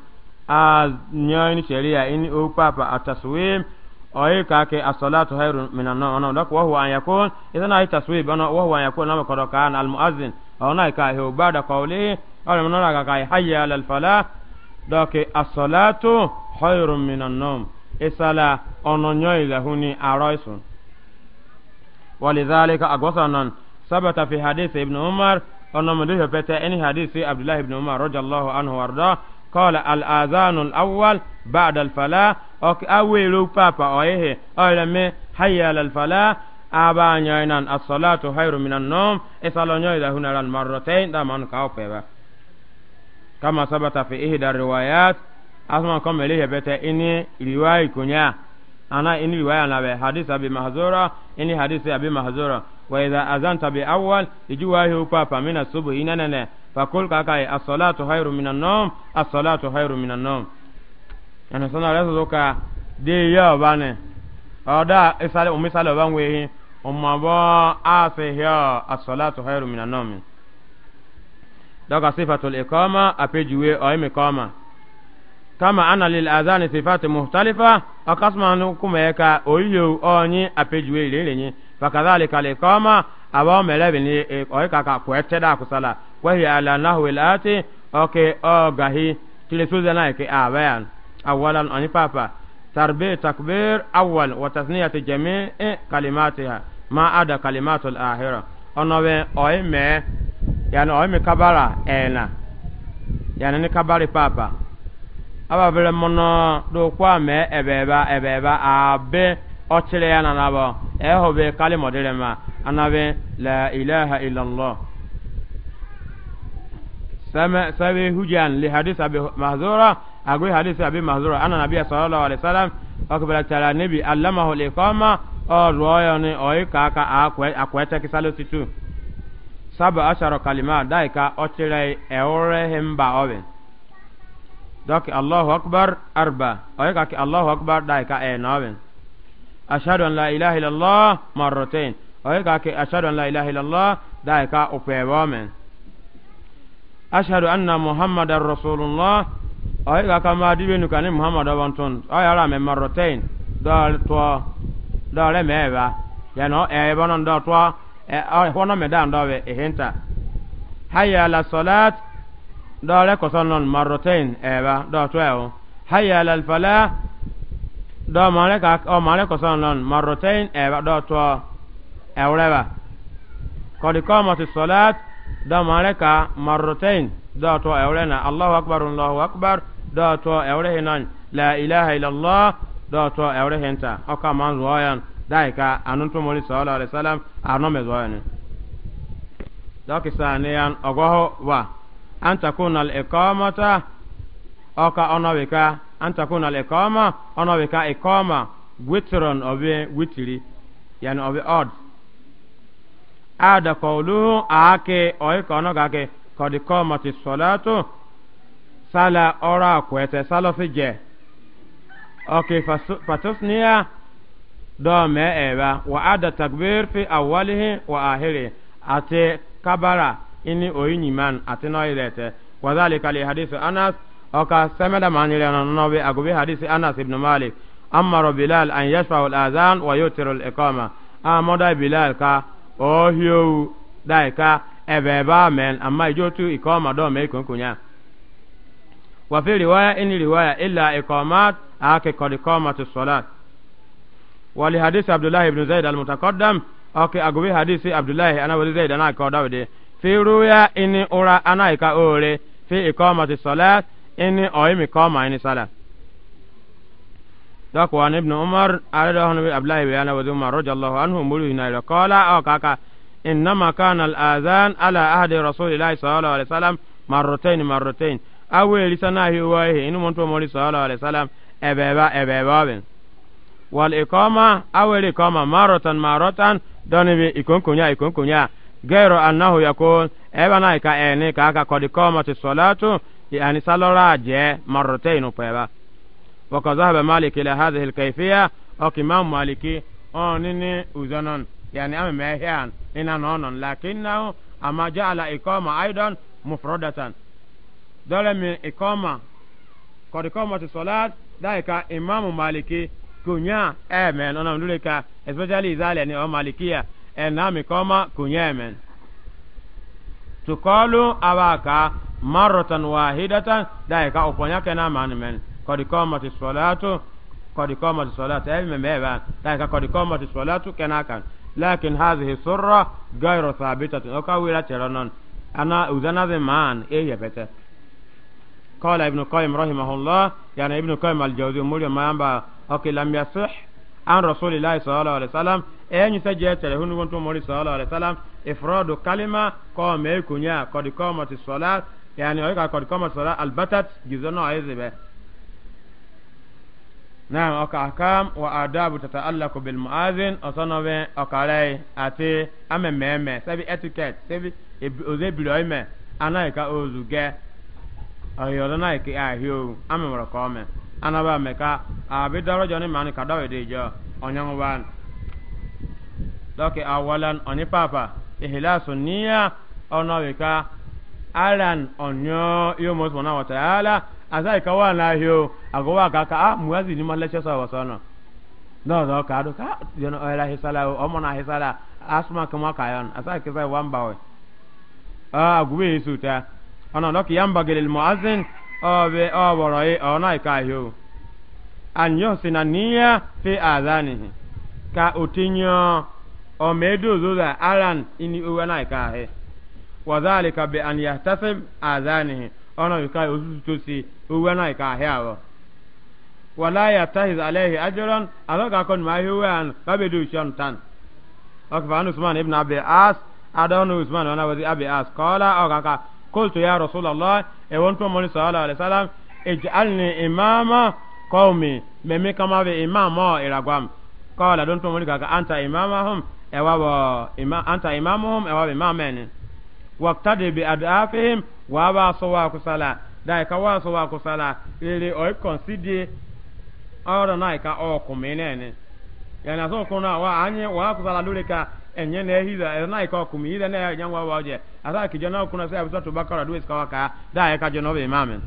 az nyaani sharia in o papa ataswim oyi kake as-salatu khairun min an-nawm ana dak wa huwa an yakun idan ay taswib ana wa huwa an yakun nama korokan al-muazzin ana ka he bada qawli ana manara ka kai hayya al fala dak as-salatu khairun min an-nawm isala ono nyoy lahuni aroisun ولذلك أقوصنا ثبت في حديث ابن عمر أن مدوه بتا إن حديث عبد الله بن عمر رضي الله عنه وارضاه قال الآذان الأول بعد الفلاة أك أول بابا أيه أولا مي حي للفلاة أبا نينان الصلاة خير من النوم إصلا نيدا هنا المرتين دا من كاوبيبا كما ثبت في إحدى الروايات أسمع كم إليه بتا إني رواية كنيا ana ini riwaya na be hadis abi mahzura ini hadis abi mahzura wa idha azanta bi awwal ijuwa hu papa mina subu inanene fakul ka kai as-salatu khairu minan nawm as-salatu khairu minan nawm ana sana rasu zoka de ya bane oda isale umisale banwe hi umma ba afiya as-salatu khairu minan nawm daga sifatul iqama apejuwe oime imqama kama ana lil azani sifati muhtalifa akasma kuma yaka oyo onyi apejuwe ni fakadhalika liqama abawo melebi ni e, oyika ka kwete da kusala wahi ala nahwi lati oke ogahi tilisuze na ke abayan awalan oni papa tarbi takbir awal wa tasniyati jami'i kalimatiha ma ada kalimatul ahira onowe oyime yani oyime kabara ena yani ni kabari papa ababere mmono dokwa ebe ebe ebeba abe ọchịrị ya na nabọ ehobe kali mọdịrị ma anabe la ilaha illallah same sabe hujan li hadis abi mahzura agwe hadis abi mahzura ana nabiy sallallahu alaihi wasallam akbara tala nabi allamahu liqama ọrọ ni oyi kaka akwe akwete kisalo titu saba asharo kalima daika ọchịrị eore دوك الله أكبر أربع أيك الله أكبر دايك أي نوين أشهد أن لا إله إلا الله مرتين أيك أشهد أن لا إله إلا الله دايك أبيوامن أشهد أن محمد رسول الله أيك كما دبنك أن محمد وانتون أي رام مرتين دال توا دال ميبا يعني أي بنا دال توا أي هنا مدان دال إهنتا هيا على الصلاة dɔwɛrɛ kɔsɔn nɔn marotain ɛɛba dɔwɛrɛ haya lalfala dɔw maale ka ɔ maale kɔsɔn nɔn marotain ɛɛba dɔwɛrɛ ɛwurɛba e kɔdikɔmɔti sɔlaat dɔw maale ka marotain dɔwɛrɛ ɛwurɛ na e alahu akbar alahu akbar dɔwɛrɛ ɛwurɛ hinan la ilaha illallah dɔwɛrɛ e ɛwurɛ hinta ɔka man zɔɔyan daayi ka anu tumuli sɔɔlɔ alayisalam anu mɛ zɔɔyan dɔkisa niyan ɔgɔho wa. an takuna al-iqamata oka onawika an takuna al-iqama onawika iqama witron obi witiri yani obe odd ada qawluhu aake oika onogake kod iqamati salatu sala ora kwete sala fije okay fatusniya do me ewa wa ada takbir fi awwalihi wa akhirihi ate kabara ini oyi nyiman ati no ilete wadhalika li hadisi anas oka semeda manile na nobe agubi hadisi anas ibn malik amara bilal an yashfa al azan wa yutiru al iqama amoda bilal ka ohio dai ka ebe ba men amma ijotu iqama do me kunkunya wa fi riwaya in riwaya illa iqamat ake qad iqamat salat wa li hadisi abdullah ibn zaid al mutaqaddam oke agubi hadisi abdullah ana wali zaid ana ka fi ruya ini ura anaika ika ore fi ikamati salat ini oimi kama ini salat dɔk wa ibn umar ale dɔ hɔn bi abdullahi bi ana wadi umar rɔja anhu mulu hina ila kɔla ɔ kaka innama kana al-azan ala ahdi rasulillahi sallallahu alaihi wasallam marrotain marrotain awo elisa hi wa hi inu montu mori sallallahu alaihi wasallam ebeba ebeba bin wal ikama awo ikama marrotan marrotan dɔni bi ikonkonya ikonkonya Gero anahu yakun ẹ̀bá náà ìka ẹ̀ní kàáka kọ́díkọ́ ọmọ ti sọ̀látù ìhàní sálọ́rà jẹ́ mọ̀rọ̀tẹ́ inú pẹ̀lá. wọ́kọ̀zọ́ àbẹ̀ máàlìkì lẹ̀ hàzẹ̀ hìlkẹ́fìyà ọkì máa máàlìkì ọ̀n níní ùzọ́nàn yàní àmì mẹ́hìàn nínú ànọ́nà làkín náà àmà jẹ́ àlà aidan mufrodatan. dole mi ikoma kodi koma ti sọ̀lát dáìka ìmáàmù máàlìkì kùnyà ẹ̀ẹ̀mẹ̀ e nọ́nà lúrẹ́ka especially ìzálẹ̀ ni ọ máàlìkì enami koma kunyemen tukalu abaka maratan wahidatan daika uponya kena manmen kodi koma tisolatu kodi koma tisolatu ebi memeba daika kodi koma tisolatu kenakan lakin hadhihi surra gairu thabitatin okawira cheronon ana uzanaze man eyepete قال ابن قيم رحمه الله يعني ابن قيم الجوزي مريم ما ينبع أوكي لم يصح an rasulillahi sallallahu alaihi wasallam e nyi se je tere hunu wonto mori sallallahu alaihi wasallam ifradu kalima ko me kunya ko di ko mati salat yani o ka ko di ko mati salat albatat gizono aizibe نعم أك أحكام وآداب تتعلق بالمؤذن أصنع أكاري أتي أم مم سبي etiquette سبي أوزي بلوي أنا يكا أوزوجة أيوة أنا يكي أهيو أم مرقامه anaba meka abi daraja ni mani kada we dejo onyan wan doke awalan oni papa ihlasu niya ona weka alan onyo yo mo subhanahu wa ta'ala azai ka wa na hio agowa ka ka ah muazi ni malacha sa wa sana no no ka do ka yo no ela hisala o mo na hisala asma kama kayon azai ka sai wan bawe ah gube yesu ta ona doke yamba gelil muazin obe oboro yi e, ona e, ka e, yo anyo sina niya fi adanihi ka ọ o medu zuza alan ini uwa na ka he wadhalika bi an yahtasib adanihi ona ka ozuzu tosi uwa na awọ wala ya ajọrọ ka he awo wala yatahiz alayhi ajran alaka kon ma huwa babedu shantan akban usman ibn abi as adon usman wana wazi abi as ọ ga ka qultu ya rasulullah ewon to moni sallallahu alaihi wasallam ij'alni imama qaumi memi kama be imama iragwam qala don to moni kaka anta imamahum ewabo ima anta imamuhum ewabo imamen waqtadi bi adafihim wa ba sawa kusala dai ka wa sawa kusala ile o consider ora nai ka o kumene ne yana so kuna wa anye wa kusala lure ka enye na ehiza e na iko kumi ile na ya nyanwa wa oje ata kijana kuna sasa bisatu bakara duwe sikawa ka da ya ka jono be mamen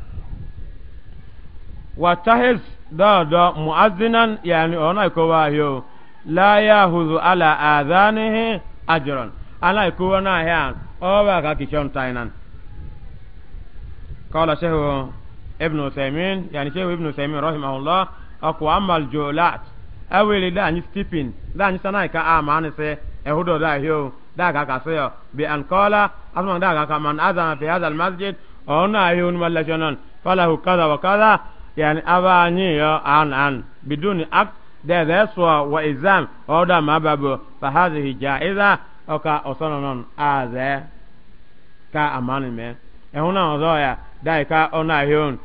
wa tahiz da da muazzinan yani ona iko wa hiyo la yahuzu ala adhanihi ajran ana iko na ya o ba ka kichon tainan قال شيخ ابن عثيمين يعني شيخ ابن عثيمين رحمه الله أقوى أما الجولات أولي لا نستيبين لا نستنايك آمان سي ehudo da hiyo da ga ka so bi an qala asma da ka man azama fi hadha al masjid ona hiyo ni malla jonon falahu kaza wa kaza yani ni yo an an biduni ak da da so wa izam oda mababu fa hadhihi jaiza oka osononon aze ka amani me ehuna ozoya da ka ona hiyo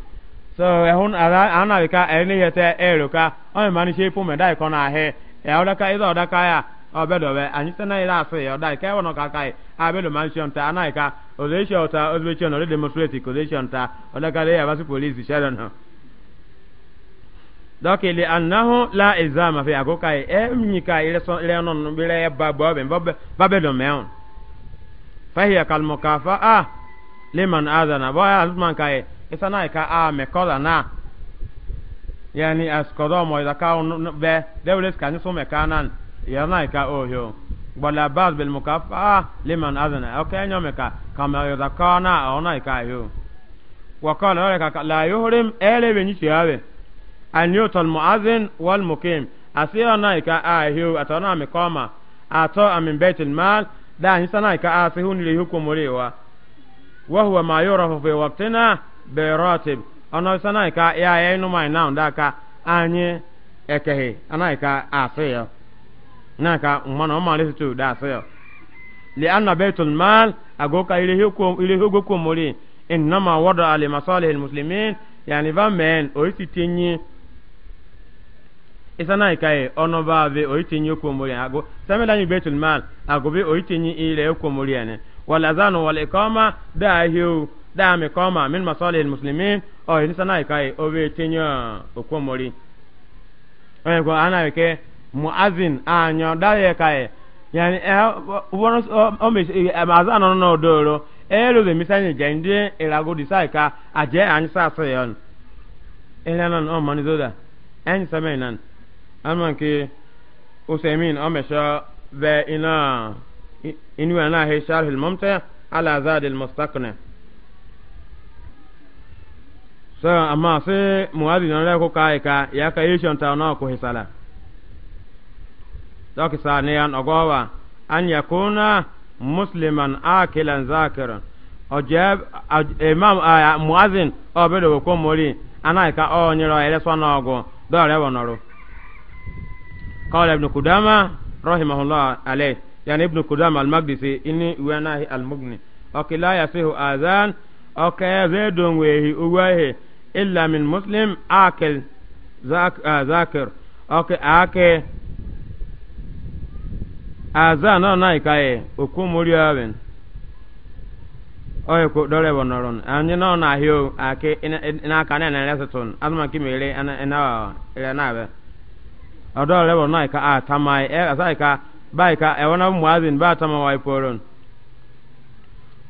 so ehun ara ana ka eni yete eruka o mani shepu me da ko na he ya oda ka izo oda ka ya obedobe anyị site na ire asị ya ọda ike wọn ka kai abedo mansion ta anaghị ka ozechi ọta ozechi ọnọdụ demonstrate kozechi ta ọdakarị ya basị polisi sharon ha dɔkili anahu la exam fi ago kai e mi ka ile so ile non bile ba ba be ba Fahia do meon fa a. kal mukafa a liman adana ba ya man kai isana ka a me kola na yani as kodomo ida ka be dewles kan so me kanan yana ka ohio wala baz ka faa ah, liman azna okay ka kama yuzakana ka yo wa qala laka la yuhrim ele be nyi yawe an yutal muazin wal mukim asira na ka ahio atana me koma na ka asihu ni hukumu rewa wa huwa ma yurafu fi waqtina bi ratib ona sana ka ya ya inu naka mmanụ ọmalị situ da asịrị li anna baitul mal agoka ilehi ogo komori innama wada ali masalih muslimin yani ba men oisi tinyi isana ikaye ono ba be oitinyi okomori ago samela ni betul mal agobe oitinyi ile okomori ene wal azanu wal iqama da hiu da mi koma min masalih muslimin o isana ikaye obe tinyi okwomori. oye ko ana ke muazin anyo daye kae yani eh, ubona omis amazan eh, no no doro elo eh, be misanye jende elago disaika aje ansa sayon elanan o manizoda en samenan aman ke usaimin amesha ve ina inu ana he sharh al mumta ala zad al mustaqna so amma se muazin na ko e ka ya ka yishon ta na ko hisala دوك ثانيا أقوى أن يكون مسلما آكلا ذاكرا أجاب إمام آه مؤذن أو بدو بكم مولي أنا إكا أو نيرو إلس ونوغو دولة ونورو قال ابن قدامة رحمه الله عليه يعني ابن قدامة المقدسي إني وأنا المغني أوكي لا يصح آذان أوكي زيدون ويهي أوهي إلا من مسلم آكل ذاك آه ذاكر أوكي آكل aza na na oku okumuri awen oye ko dole bonoron anyi na na hiyo ake na ka na na lesetun azuma kimere na na na be odo le bonai ka atamai ah, e asa ka bai ka e wona muazin ba tama wai poron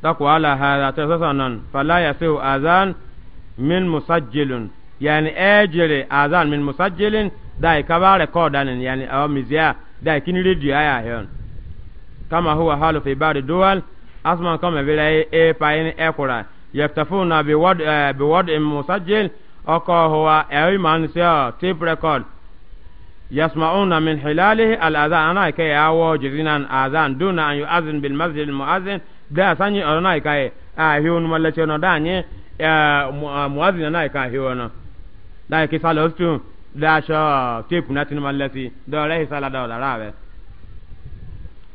takwa ala hada to sasa nan fala yasiu azan min musajjilun yani ejere azan min musajjilin dai ka ba record anin yani awamizia da kini radio aya yon kama huwa halu fi ba'd duwal asma kama bila e payin e qura yaktafuna bi wad eh, bi wad musajjal oko huwa e man sa tape record yasma'una min hilalihi al-adhan ana kai yawo jirinan adhan duna an yu'adhin bil masjid al-mu'adhin da sanyi ona kai a hiun mallace no danye eh, eh, mu'adhin na kai hiwono da ki salos لاشا تيب ناتن مالتي دوله سالا دولا رابع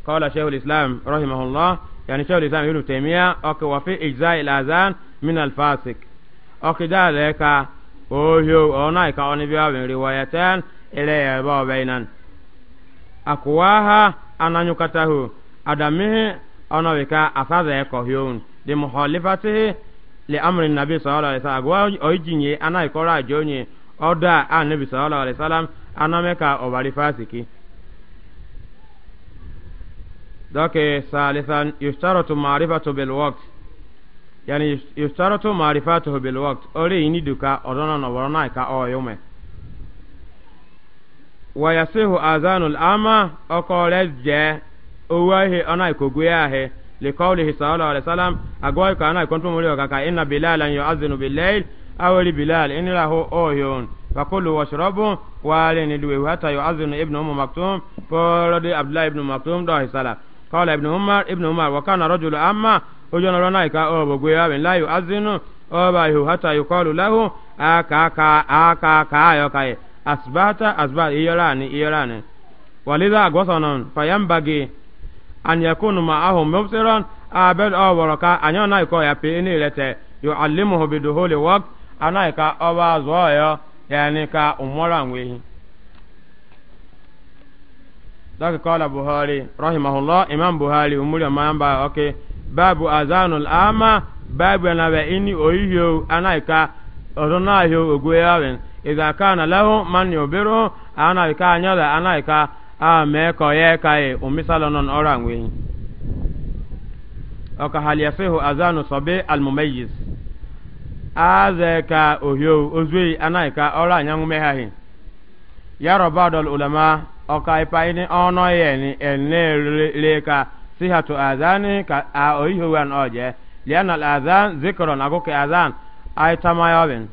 قال شيخ الإسلام رحمه الله يعني شيخ الإسلام ابن تيمية أوكي وفي إجزاء الأذان من الفاسق أوكي ذلك أوهيو أونايك أونبيا من روايتان إليه يباو بينان أقواها أنا نكته أدمه أونايك أفاذ يكوهيون لمخالفته لأمر النبي صلى الله عليه وسلم أقواه أجيني أنا يكورا جوني ọdọ a ah, nabi sallallahu alaihi wasallam aname ka ọbari fasiki dọke salisan yushtaratu ma'rifatu bil waqt yani yushtaratu ma'rifatu bil waqt ore ini duka odona no borona ka oyume wa yasihu azanul ama okore je owahi ona ikogu ahe li qawlihi sallallahu alaihi wasallam agwa ka ana ikontu muri okaka inna bilalan yu'adhinu awali bilal in lahu ohyon fakulu washrabu wali ni duwe hata yu'adhinu ibn umm maktum porodi abdullah ibn maktum do hisala qala ibn umar ibn umar wa kana rajulu amma ojona rona ka obo gwe ya la yu'adhinu oba yu hata yuqalu lahu aka ka aka ka ayo kai asbata asbata iyarani iyarani walidha gosanon fayambagi an yakunu ma'ahum mubsiran abel awraka anyona ko ya pe ni rete yu'allimuhu biduhuli waqt anaghị ka ọ bụ azụ azụọ ya yani ka umara nwehi dɔki kɔla buhari rahimahulɔ imam buhari umuri ma ba ɔke okay. babu azanul ama babu na bɛ ini oyiyo anaghị ka n'ahịa ɔdɔnna yo ogoyawin iza kana lahu man obere anaghị ka anya anyala anaghị ka a mee ka amɛ kɔyɛ kaye umisala nɔn ɔra nwehi ɔka hal yasihu azanu sɔbi almumayyiz aze ka ohio ozue anaghị ka ọrụ anyanwụ meghaghị ya rọba dọl ulama ọka ipaini ya ni ele ka sihatu azani ka a ohiho wan oje liana al azan zikron agụkọ azan ay tamayobin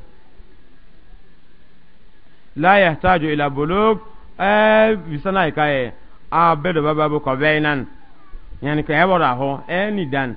la yahtaju ila bulug eh bisana ikaye a babu baba bu ko beinan yani ka ebora ahụ eni dan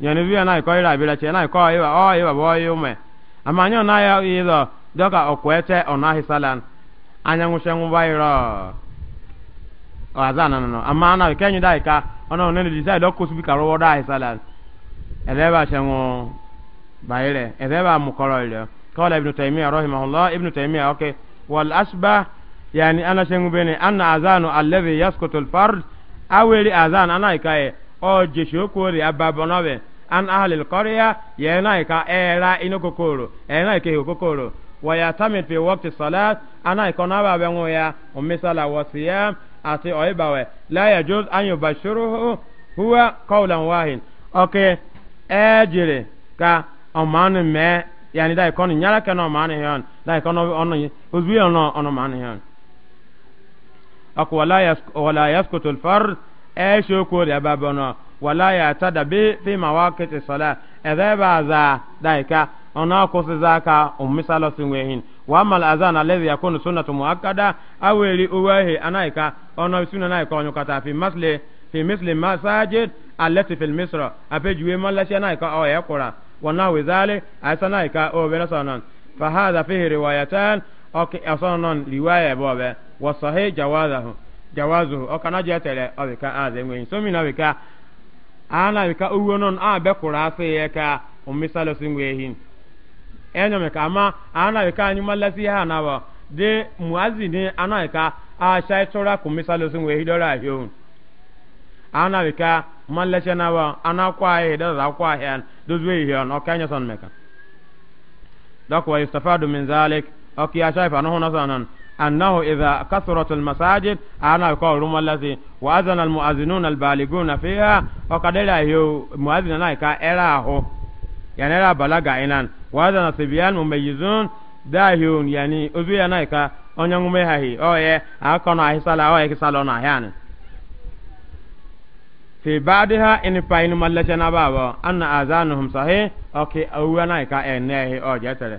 yani bi na ko ira bila che na ko iwa o iwa bo yume amanyo na ya ido doka okwete ona hisalan. anya ngushe ngubairo o azana no no amana kenyu dai ka ona onene decide o kusubi ka rowo dai salan eleba chengo baire eleba mukoro ile qala ibn taymiyyah rahimahullah ibn taymiyyah okay wal asbah yani ana chengo bene anna azanu alladhi yasqutu al fard aweli azan ana ikaye o jeshi okori ababonobe an ahlil qarya yana ka era inokokoro yana ke okokoro wa tamit fi waqti salat ana ikona ba benwo ya umisala wasiyam ati o oibawe la yajuz an yubashiruhu huwa qawlan wahid okay ejire ka omanu me yani da ikoni nyara ke no manu yon da ikoni ono ozuye ono ono manu yon akwa la yas wala yaskutu al fard ɛɛhyɛ okoo deɛ ɛbɛbɔ no wala yɛ ata da bi fi ma wa kete sɔlɛ ɛdɛ bɛ aza daika ɔna kɔsi zaka ɔmisa lɔsi ŋwɛhin wa mal aza na lɛbi akɔnu sona tumu akada awɛri owahe anaika ɔna suna naika ɔnyu kata fi masle fi misli masajid alɛti fi misrɔ apɛjuwe malɛsɛ naika ɔyɛ kura wɔna wezali ayisa naika ɔbɛrɛ sɔnɔn fahada fihi riwayatan ɔsɔnɔn riwaya bɔbɛ wɔsɔhe jawazahu jawazu ọkana jẹ tẹlẹ ọbika aze nwere nsomi na ọbika ana ọbika uwe nọn a bẹkwuru ase ya ka omisalo si nwere hin ẹnyọm e ka ama ana ọbika anyị mmalasi ha na wọ de muazi ni ana ọbika a shai tura e komisalo si nwere hidọrọ ahịa ohun ana ọbika mmalasi na wọ ana akwa ahịa hidọrọ akwa ahịa dozuwe ihe ọnụ ọka anyasọ meka dọkwa istafadu min zalik ọkị ashaifa e anụhụ na sanan أنه إذا كثرت المساجد أنا أقول رم الذي وأذن المؤذنون البالغون فيها وقد لا هي مؤذن نايكا إلاه يعني لا بلغ إنان وأذن الصبيان مميزون داهيون يعني أزويا نايكا أنيان مهي أو إيه أكون أحسالا أو إكسالونا نهيان في بعدها إن فاين ملتنا بابا أن أذانهم صحيح أوكي أولا نايكا إنيه أو جتره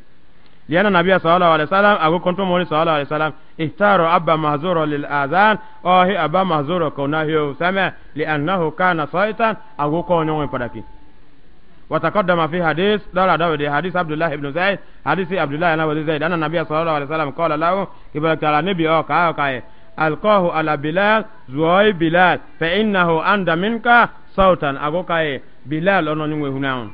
لأن النبي صلى الله عليه وسلم أقول كنتم مولي صلى الله عليه وسلم اختاروا أبا مهزورا للآذان أو هي أبا مهزورا كونه سمع لأنه كان صيتا أقول كونه ويبركي وتقدم في حديث دار داود حديث عبد الله بن زيد حديث عبد الله بن زيد أن النبي صلى الله عليه وسلم قال له كبرك على نبي أو كاو ألقاه على بلال زوي بلال فإنه عند منك صوتا أقول كاي بلال أنه نوي هنا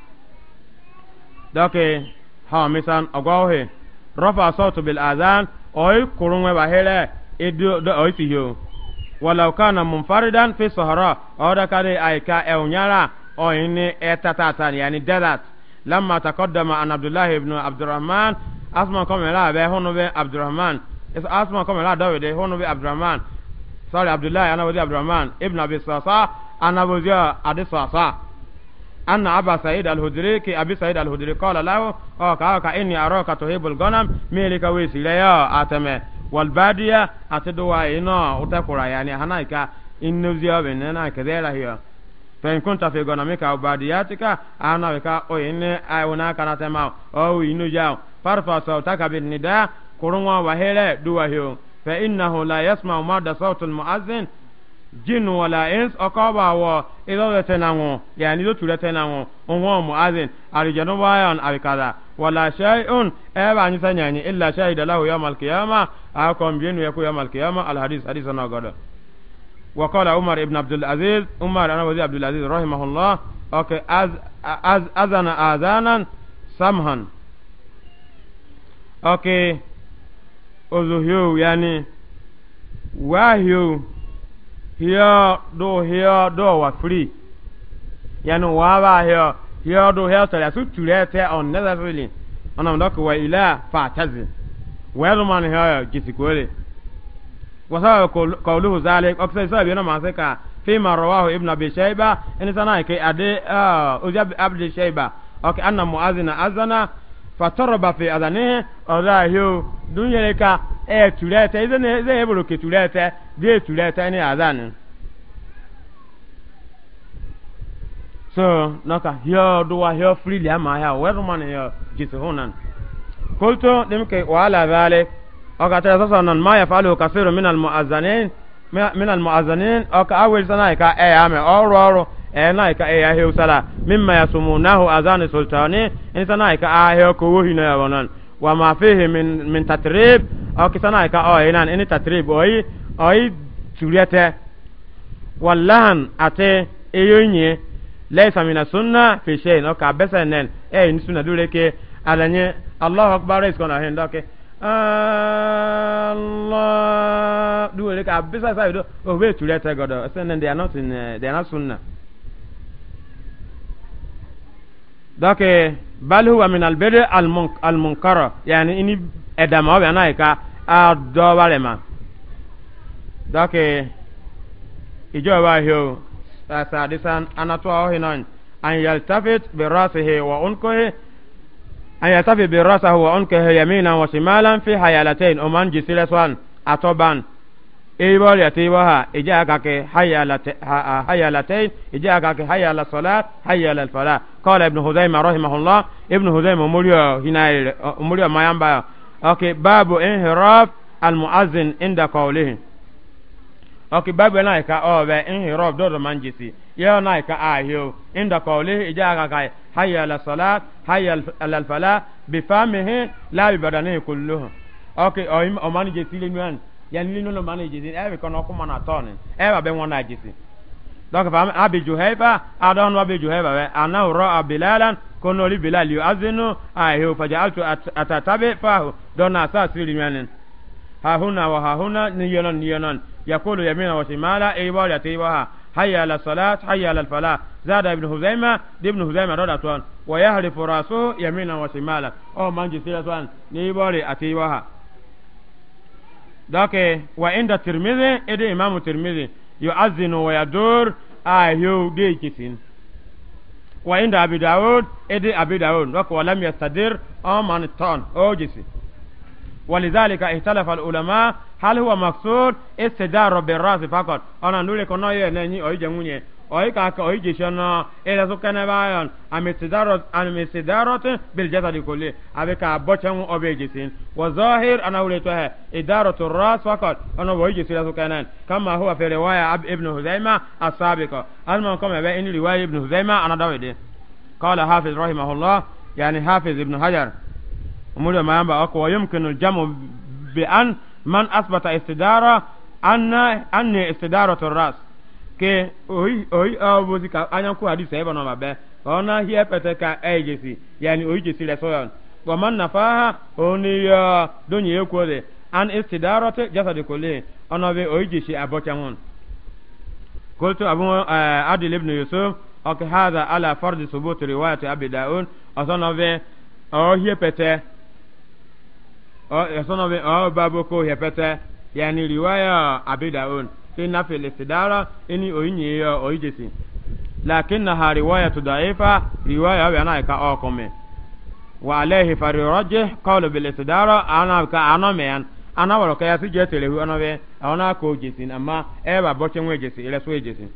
دوكي hamisan ogohe rafa sautu bil azan oy kurunwe bahele edo do oy fiyo walau kana munfaridan fi sahara oda kade aika eunyara oyni etatatan yani desert lamma taqaddama an abdullah ibn abdurrahman asma kamela be hono be abdurrahman asma kamela dawid hono be abdurrahman sorry abdullah anabudi abdurrahman ibn abi sasa ana adi sasa أن أبا سعيد الهدري كي أبي سعيد الهدري قال له أو كأو إني أراك تهيب الغنم ميلك ويسي ليا أتمه والبادية أتدوا إنا أتكرا يعني هناك إن زيابين هنا كذيرا هي فإن كنت في غنمك أو بادياتك أنا بك أو إن أوناك نتما أو إنو جاو فارفع صوتك بالنداء كرموا وهيلة دوا هيو فإنه لا يسمع مادة صوت المؤذن jinu wala ins okoba wo ido wete na ngo yani do turete na ngo onwo mu azin arijanu bayan abikada wala shay'un e ba ni sanyani illa shahida lahu yawmal qiyamah akom jinu yaku yawmal qiyamah al hadith hadith na godo wa qala umar ibn abdul aziz umar ana wazi abdul rahimahullah okay az az azana azanan samhan okay ozuhyo yani wahyo here do here do wa free yani wa ba here here do here so su turete on necessarily ona ndo ko ila fa tazi where man here jisikwele wasawa qawluhu zalik oksa sabi na masaka fi ma rawahu ibn abi shayba in sanai ke ade uh, ah, uzab abd shayba okay anna muazina azana fatɔrɔba fe azani, ɔda hio dunyere ka ɛ e tulɛ tɛ ɛdɛ ne ɛdɛ ebolo ke tulɛ tɛ de tulɛ tɛ ne adane so nɔka hio duwa hio firili ama ya wɛrɛ ma ne hio jisi ho nan kolto dem ke wala vale ɔka tɛ sɔsɔ nan ma ya falo kasiru minal mu'azzanin minal mu'azzanin ɔka awel sana ka ɛ e ya me ɔrɔ ɔrɔ ena ka e sala na wa fihi min min tatrib aw kisana ka tatrib oyi oyi wallahan ate sunna fi e, ni sunna dole alanye allah akbar is gonna hen doke Allah duwe ka bisa sai do o oh, be turiyate godo senen they are not in uh, they are not donc euh, bal huwa min albede almunkara yani ini edama obe anayi ka a dɔwale ma donc euh, ijo wa hiyo sasa disa anato ohi non an yaltafit bi rasihi wa unkuhi an yaltafit bi rasihi wa unkuhi yaminan wa shimalan fi hayalatain oman jisire swan atoban eibol ya teibo ha ije aka ke hayalatain ije aka ke hayala salat hayala alfala qala ibn huzaima rahimahullah ibn huzaima mulio hinaire mulio mayamba okay babu inhiraf almuazzin inda qawlihi okay babu na ka o be inhiraf do do manjisi ya na ka ahio inda qawlihi ije aka ke hayala salat hayala alfala bi famihi la bi badanihi kulluhu yani ni ló máa ń jèsì ẹ bì kan náà kó mọ náà tọ́ ni ẹ bà bẹ wọn náà jèsì. dɔnke faama abi juhaifa adɔn wa abi juhaifa bɛ ana wurɔ a bilalan ko n'oli bilal yu azinu a hewu faja atatabe fahu dona sa siri ɲɔni. hahuna wa hahuna ni yɔnɔn ni yɔnɔn yakulu yamina wa shimala eyibɔ yate eyibɔ ha hayya ala salat hayya ala fala zada ibn huzaima ibn huzaima dɔ da tɔn wa yahri furasu yamina wa shimala ɔ man jisira tɔn ni yibɔ de ha. dɔke euh, wa inda tirmidhi ede imamu tirmidhi yu'adhinu wa yadur ayu de kisin wa inda abi daud ede abi daud dɔke wa lam yastadir on ton o jisi ولذلك اختلف العلماء هل هو مقصود استدار بالراس فقط انا نقول لك انه oyi ka ka oyi jeshi na ila su kana bayan amisidarot amisidarot bil jasadi kulli abi ka bocan obe jeshi wa zahir ana wule to he idaratu ras faqat ana oyi jeshi la su kana kama huwa fi riwaya ibn huzaima as-sabiqa alman kama ba in riwaya ibn huzaima ana dawide قال حافظ رحمه الله يعني حافظ ابن حجر ومولى ما ينبع أكو ويمكن الجمع بأن من أثبت استدارة أن أن استدارة الرأس ke oyi oyi awobozi ka anya nkwu hadisi ebe nọ mabe ka ọ na-ahịa epete ka ejesi yani oyi jesi resoyon kpọman na faha oni ya donye ekwo de an da istidarote jasadi kole ọnọbe oyi jesi abọcha nwun kultu abu eh, adil ibn yusuf ọkụ haza ala fardi subut riwayat abi daun ọsọnọbe ọhịa pete ọsọnọbe ọ baboko hepete yani riwaya abi daun fi nafi lisidara ini oyinye ya oyijesi lakin na ha riwaya tu da'ifa riwaya wa na ka okome wa alaihi farirajih qawlu bil istidara ana ka anomeyan ana waro ka yasi jetele hu anobe ona ko jesin amma e ba boche nwe jesi ile so jesin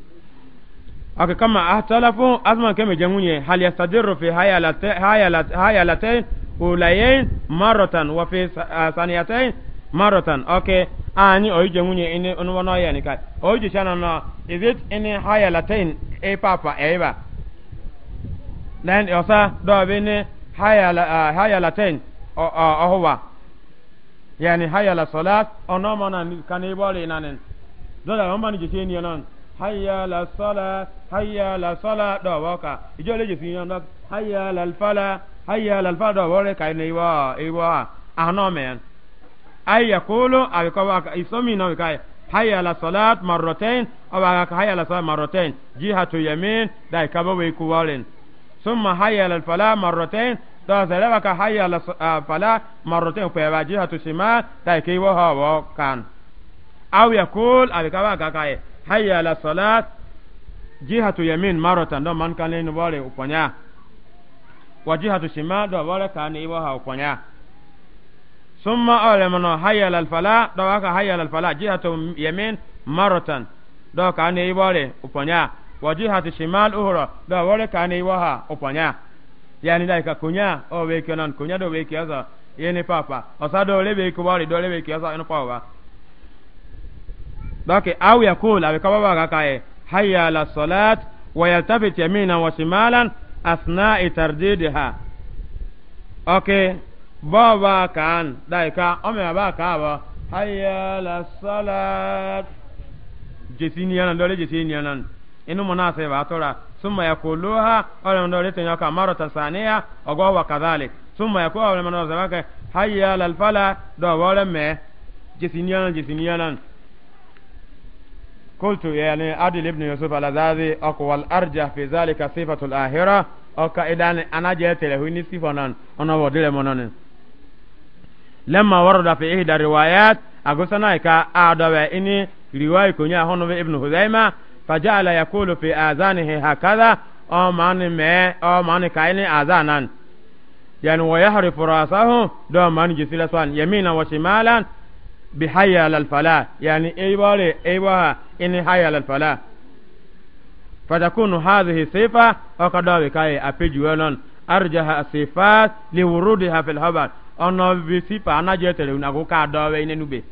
aka kama ahtalafu azma kame jamunye hal yastadirru fi hayalate hayalate hayalate ulayain maratan wa fi saniyatayn maratan okay ani oije munye ine onono ya nika oije chana na is it ine higher latin e papa e ba then osa do bene haya higher, uh, higher latin o o wa yani haya la salat onomo na kan e bole nanen do da mama ni je ni non haya la salat higher la salat do wa ka ijo le je fi non higher la fala haya la fala do wa re ka ni wa e wa anomen ay yaqulu abi ko isomi na kai hayya la salat marratayn aw ka hayya ala salat marratayn jihatu yamin dai ka ba wai ku warin summa hayya ala fala marratayn da zalaba ka hayya ala fala marratayn ko ya jihatu shimal dai kai wa hawa kan aw yaqul abi ka wa ka kai hayya ala salat jihatu yamin marratan do man kan ne wale uponya wa jihatu shimal do wale kan ne wa ha uponya summa alamana hayal alfala do ka hayal alfala jihatu yamin maratan do ka ne ibore uponya wa jihatu shimal uhra do wore ka ne iwaha uponya yani dai ka kunya o we kenan kunya do we kiyaza yene papa osa do le be ko bari do le be kiyaza eno pawa doke au yakul abe kababa ka kae hayya la salat wa yaltafit yamina wa shimalan asna'i tardidiha okay baba kan daika ome ba ka ba hayya la salat jesini yana dole jesini yana inu mona sai ba tora summa yakuluha ala dole tanya ka marata saniya ogo wa kadhalik summa yakulu ala mona sai ka hayya la fala do wala me jesini yana jesini yana قلت يعني عدل ابن يوسف الازازي اقوى الارجح في ذلك صفه الاخره او كاذا انا جئت له ني صفه انا ودله منن لما ورد في إحدى الروايات أقصنا إكا أعدوا إني رواية كنيا هون ابن هزيمة فجعل يقول في آذانه هكذا أو ماني ما أو ماني كايني آذانا يعني ويحرف رأسه دو ماني جسيلة سوان يمينا وشمالا بحي على الفلاح يعني إيبالي إيبها إني حي على الفلاح فتكون هذه صفة أو وقد كاي أبيجوالون أرجح الصفات لورودها في الخبر ono visipa anaje tere una go ka do we ne nube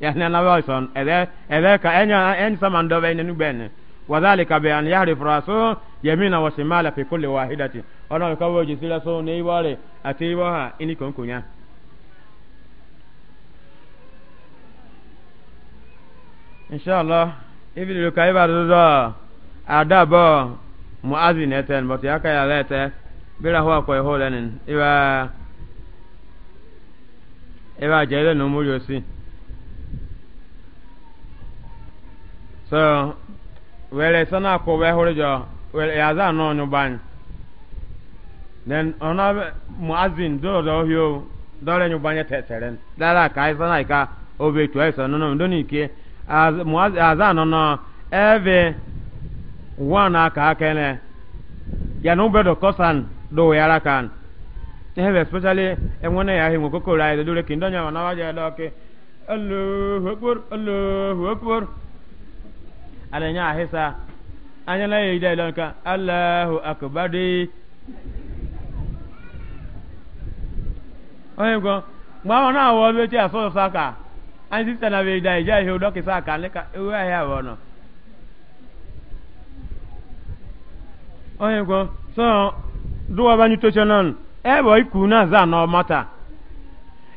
ya na na wa son ebe ebe ka enya en sama ndo we ne nube ne wadhalika bi an yahrifu rasu yamina wa shimala fi kulli wahidati ono ka wo jisira so ne ibare ati ibaha ini konkunya inshallah ibili lo kai ba do adabo muazin eten but ya ka ya lete bila huwa ko iholenin iba ebe a jere na omori osi so were sana ko we hore jo were ya za no nyu ban then ona muazin do do hio do le nyu ban te teren dara kai sana ka obe tu eso no no ndo ni ke az muaz aza no no eve wana aka kene ya no bedo kosan do yara kan bụ especially enwene ya ahịa nwekokoro anyị dodore ka ndị onye ma nawa jere dọkị olohuokpor adịnya ahịsa anya na ya ide nka allahu akụbadi onye gwo mgbe ahụ na awọ ọlụ echi asọ ụsa ka anyị sista na be ide ije ahịa ụdọkịsa aka ndị ka ewe ahịa awọ nọ onye gwo so duwa banyu tochonon ewo iku na za na ọmata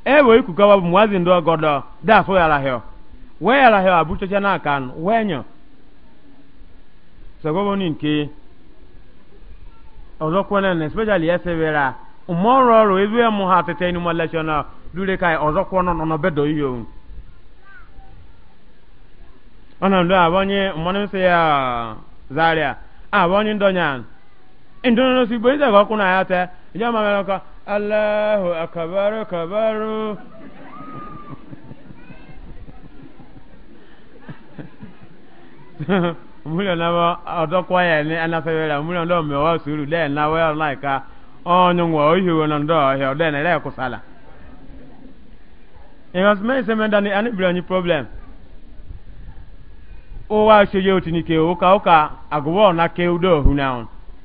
ewo iku kawa bụ mwazi ndị ọgọdọ da so yara wee yara hịọ abụchacha na aka wee so sọgọbọ ni nke ọzọ kwene na especially ya vera mmọrọ ọrụ ezu ya mụ ha atịta enu mọlechọ na dure ka ọzọ kwọnọ nọ n'obedo ihe ohun ọ na abonye mmanụ nsị ya zaria abonye ndọnyan ndono si bo iza ko kuna yata jama melo ka allahu akbar kabaru (laughs) mulio na ba ya ni ana fewela mulio ndo me wa suru na wa ka onyo ngwa ohiwo ndo de na le me se ani problem o wa se o ka o ka agwo na ke hu na on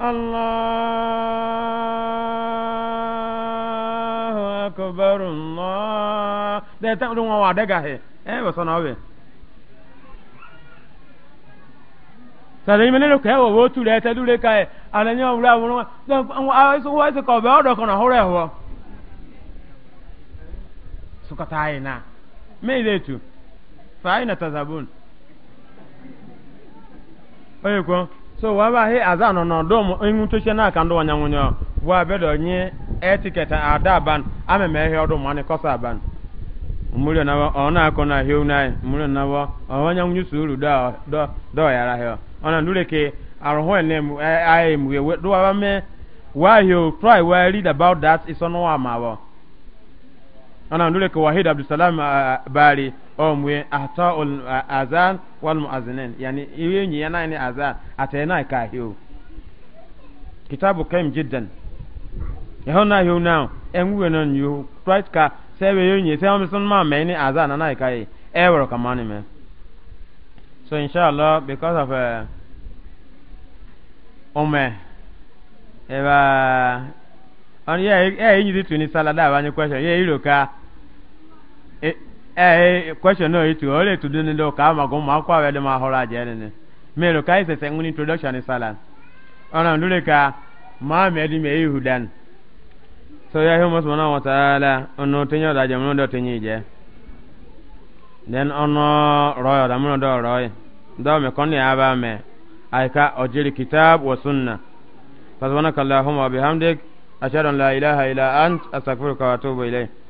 الله أكبر الله ده تقول ما وعدك هي إيه بس أنا أبي na ìmọ̀ so wabahi aza nọ n'ọdụm nwutochie n'aka ndị wanyanwụnyọ bụ abedo nye etiket ada aban ameme ihe mmanụ aban mmiri ọ na-akọ na ahịa anyị mmiri ọ na ndụrụ ke arụhụ anyị mgbe dụwa me wahio try well read about that is e ọnụ wa ana ndule ko wahid abdusalam bari o mwe ata ul azan wal muazinin yani iwe nyi yana ni azan atena ka hiu kitabu kaim jiddan yahona hiu now enwe non you right ka sebe yo nyi se amson ma me ni azan na ka yi ewer kamani me so inshallah because of uh, ome eba on yeah eh yeah, you need to ni salada abanye question yeah you look ee eh, question no itu ole tu dun ndo ka ma go ma kwa wede ma hora je ne me lo kai se se nguni introduction sala ona ndule ka ma me di me ihudan so ya hemo subhanahu wa ta'ala ono tenyo da jamu ndo tenyi je then ono royo da mu ndo royo ndo me aba me aika ojiri kitab wa sunna subhanakallahumma wa bihamdik ashhadu an la ilaha illa ant astaghfiruka wa atubu ilayk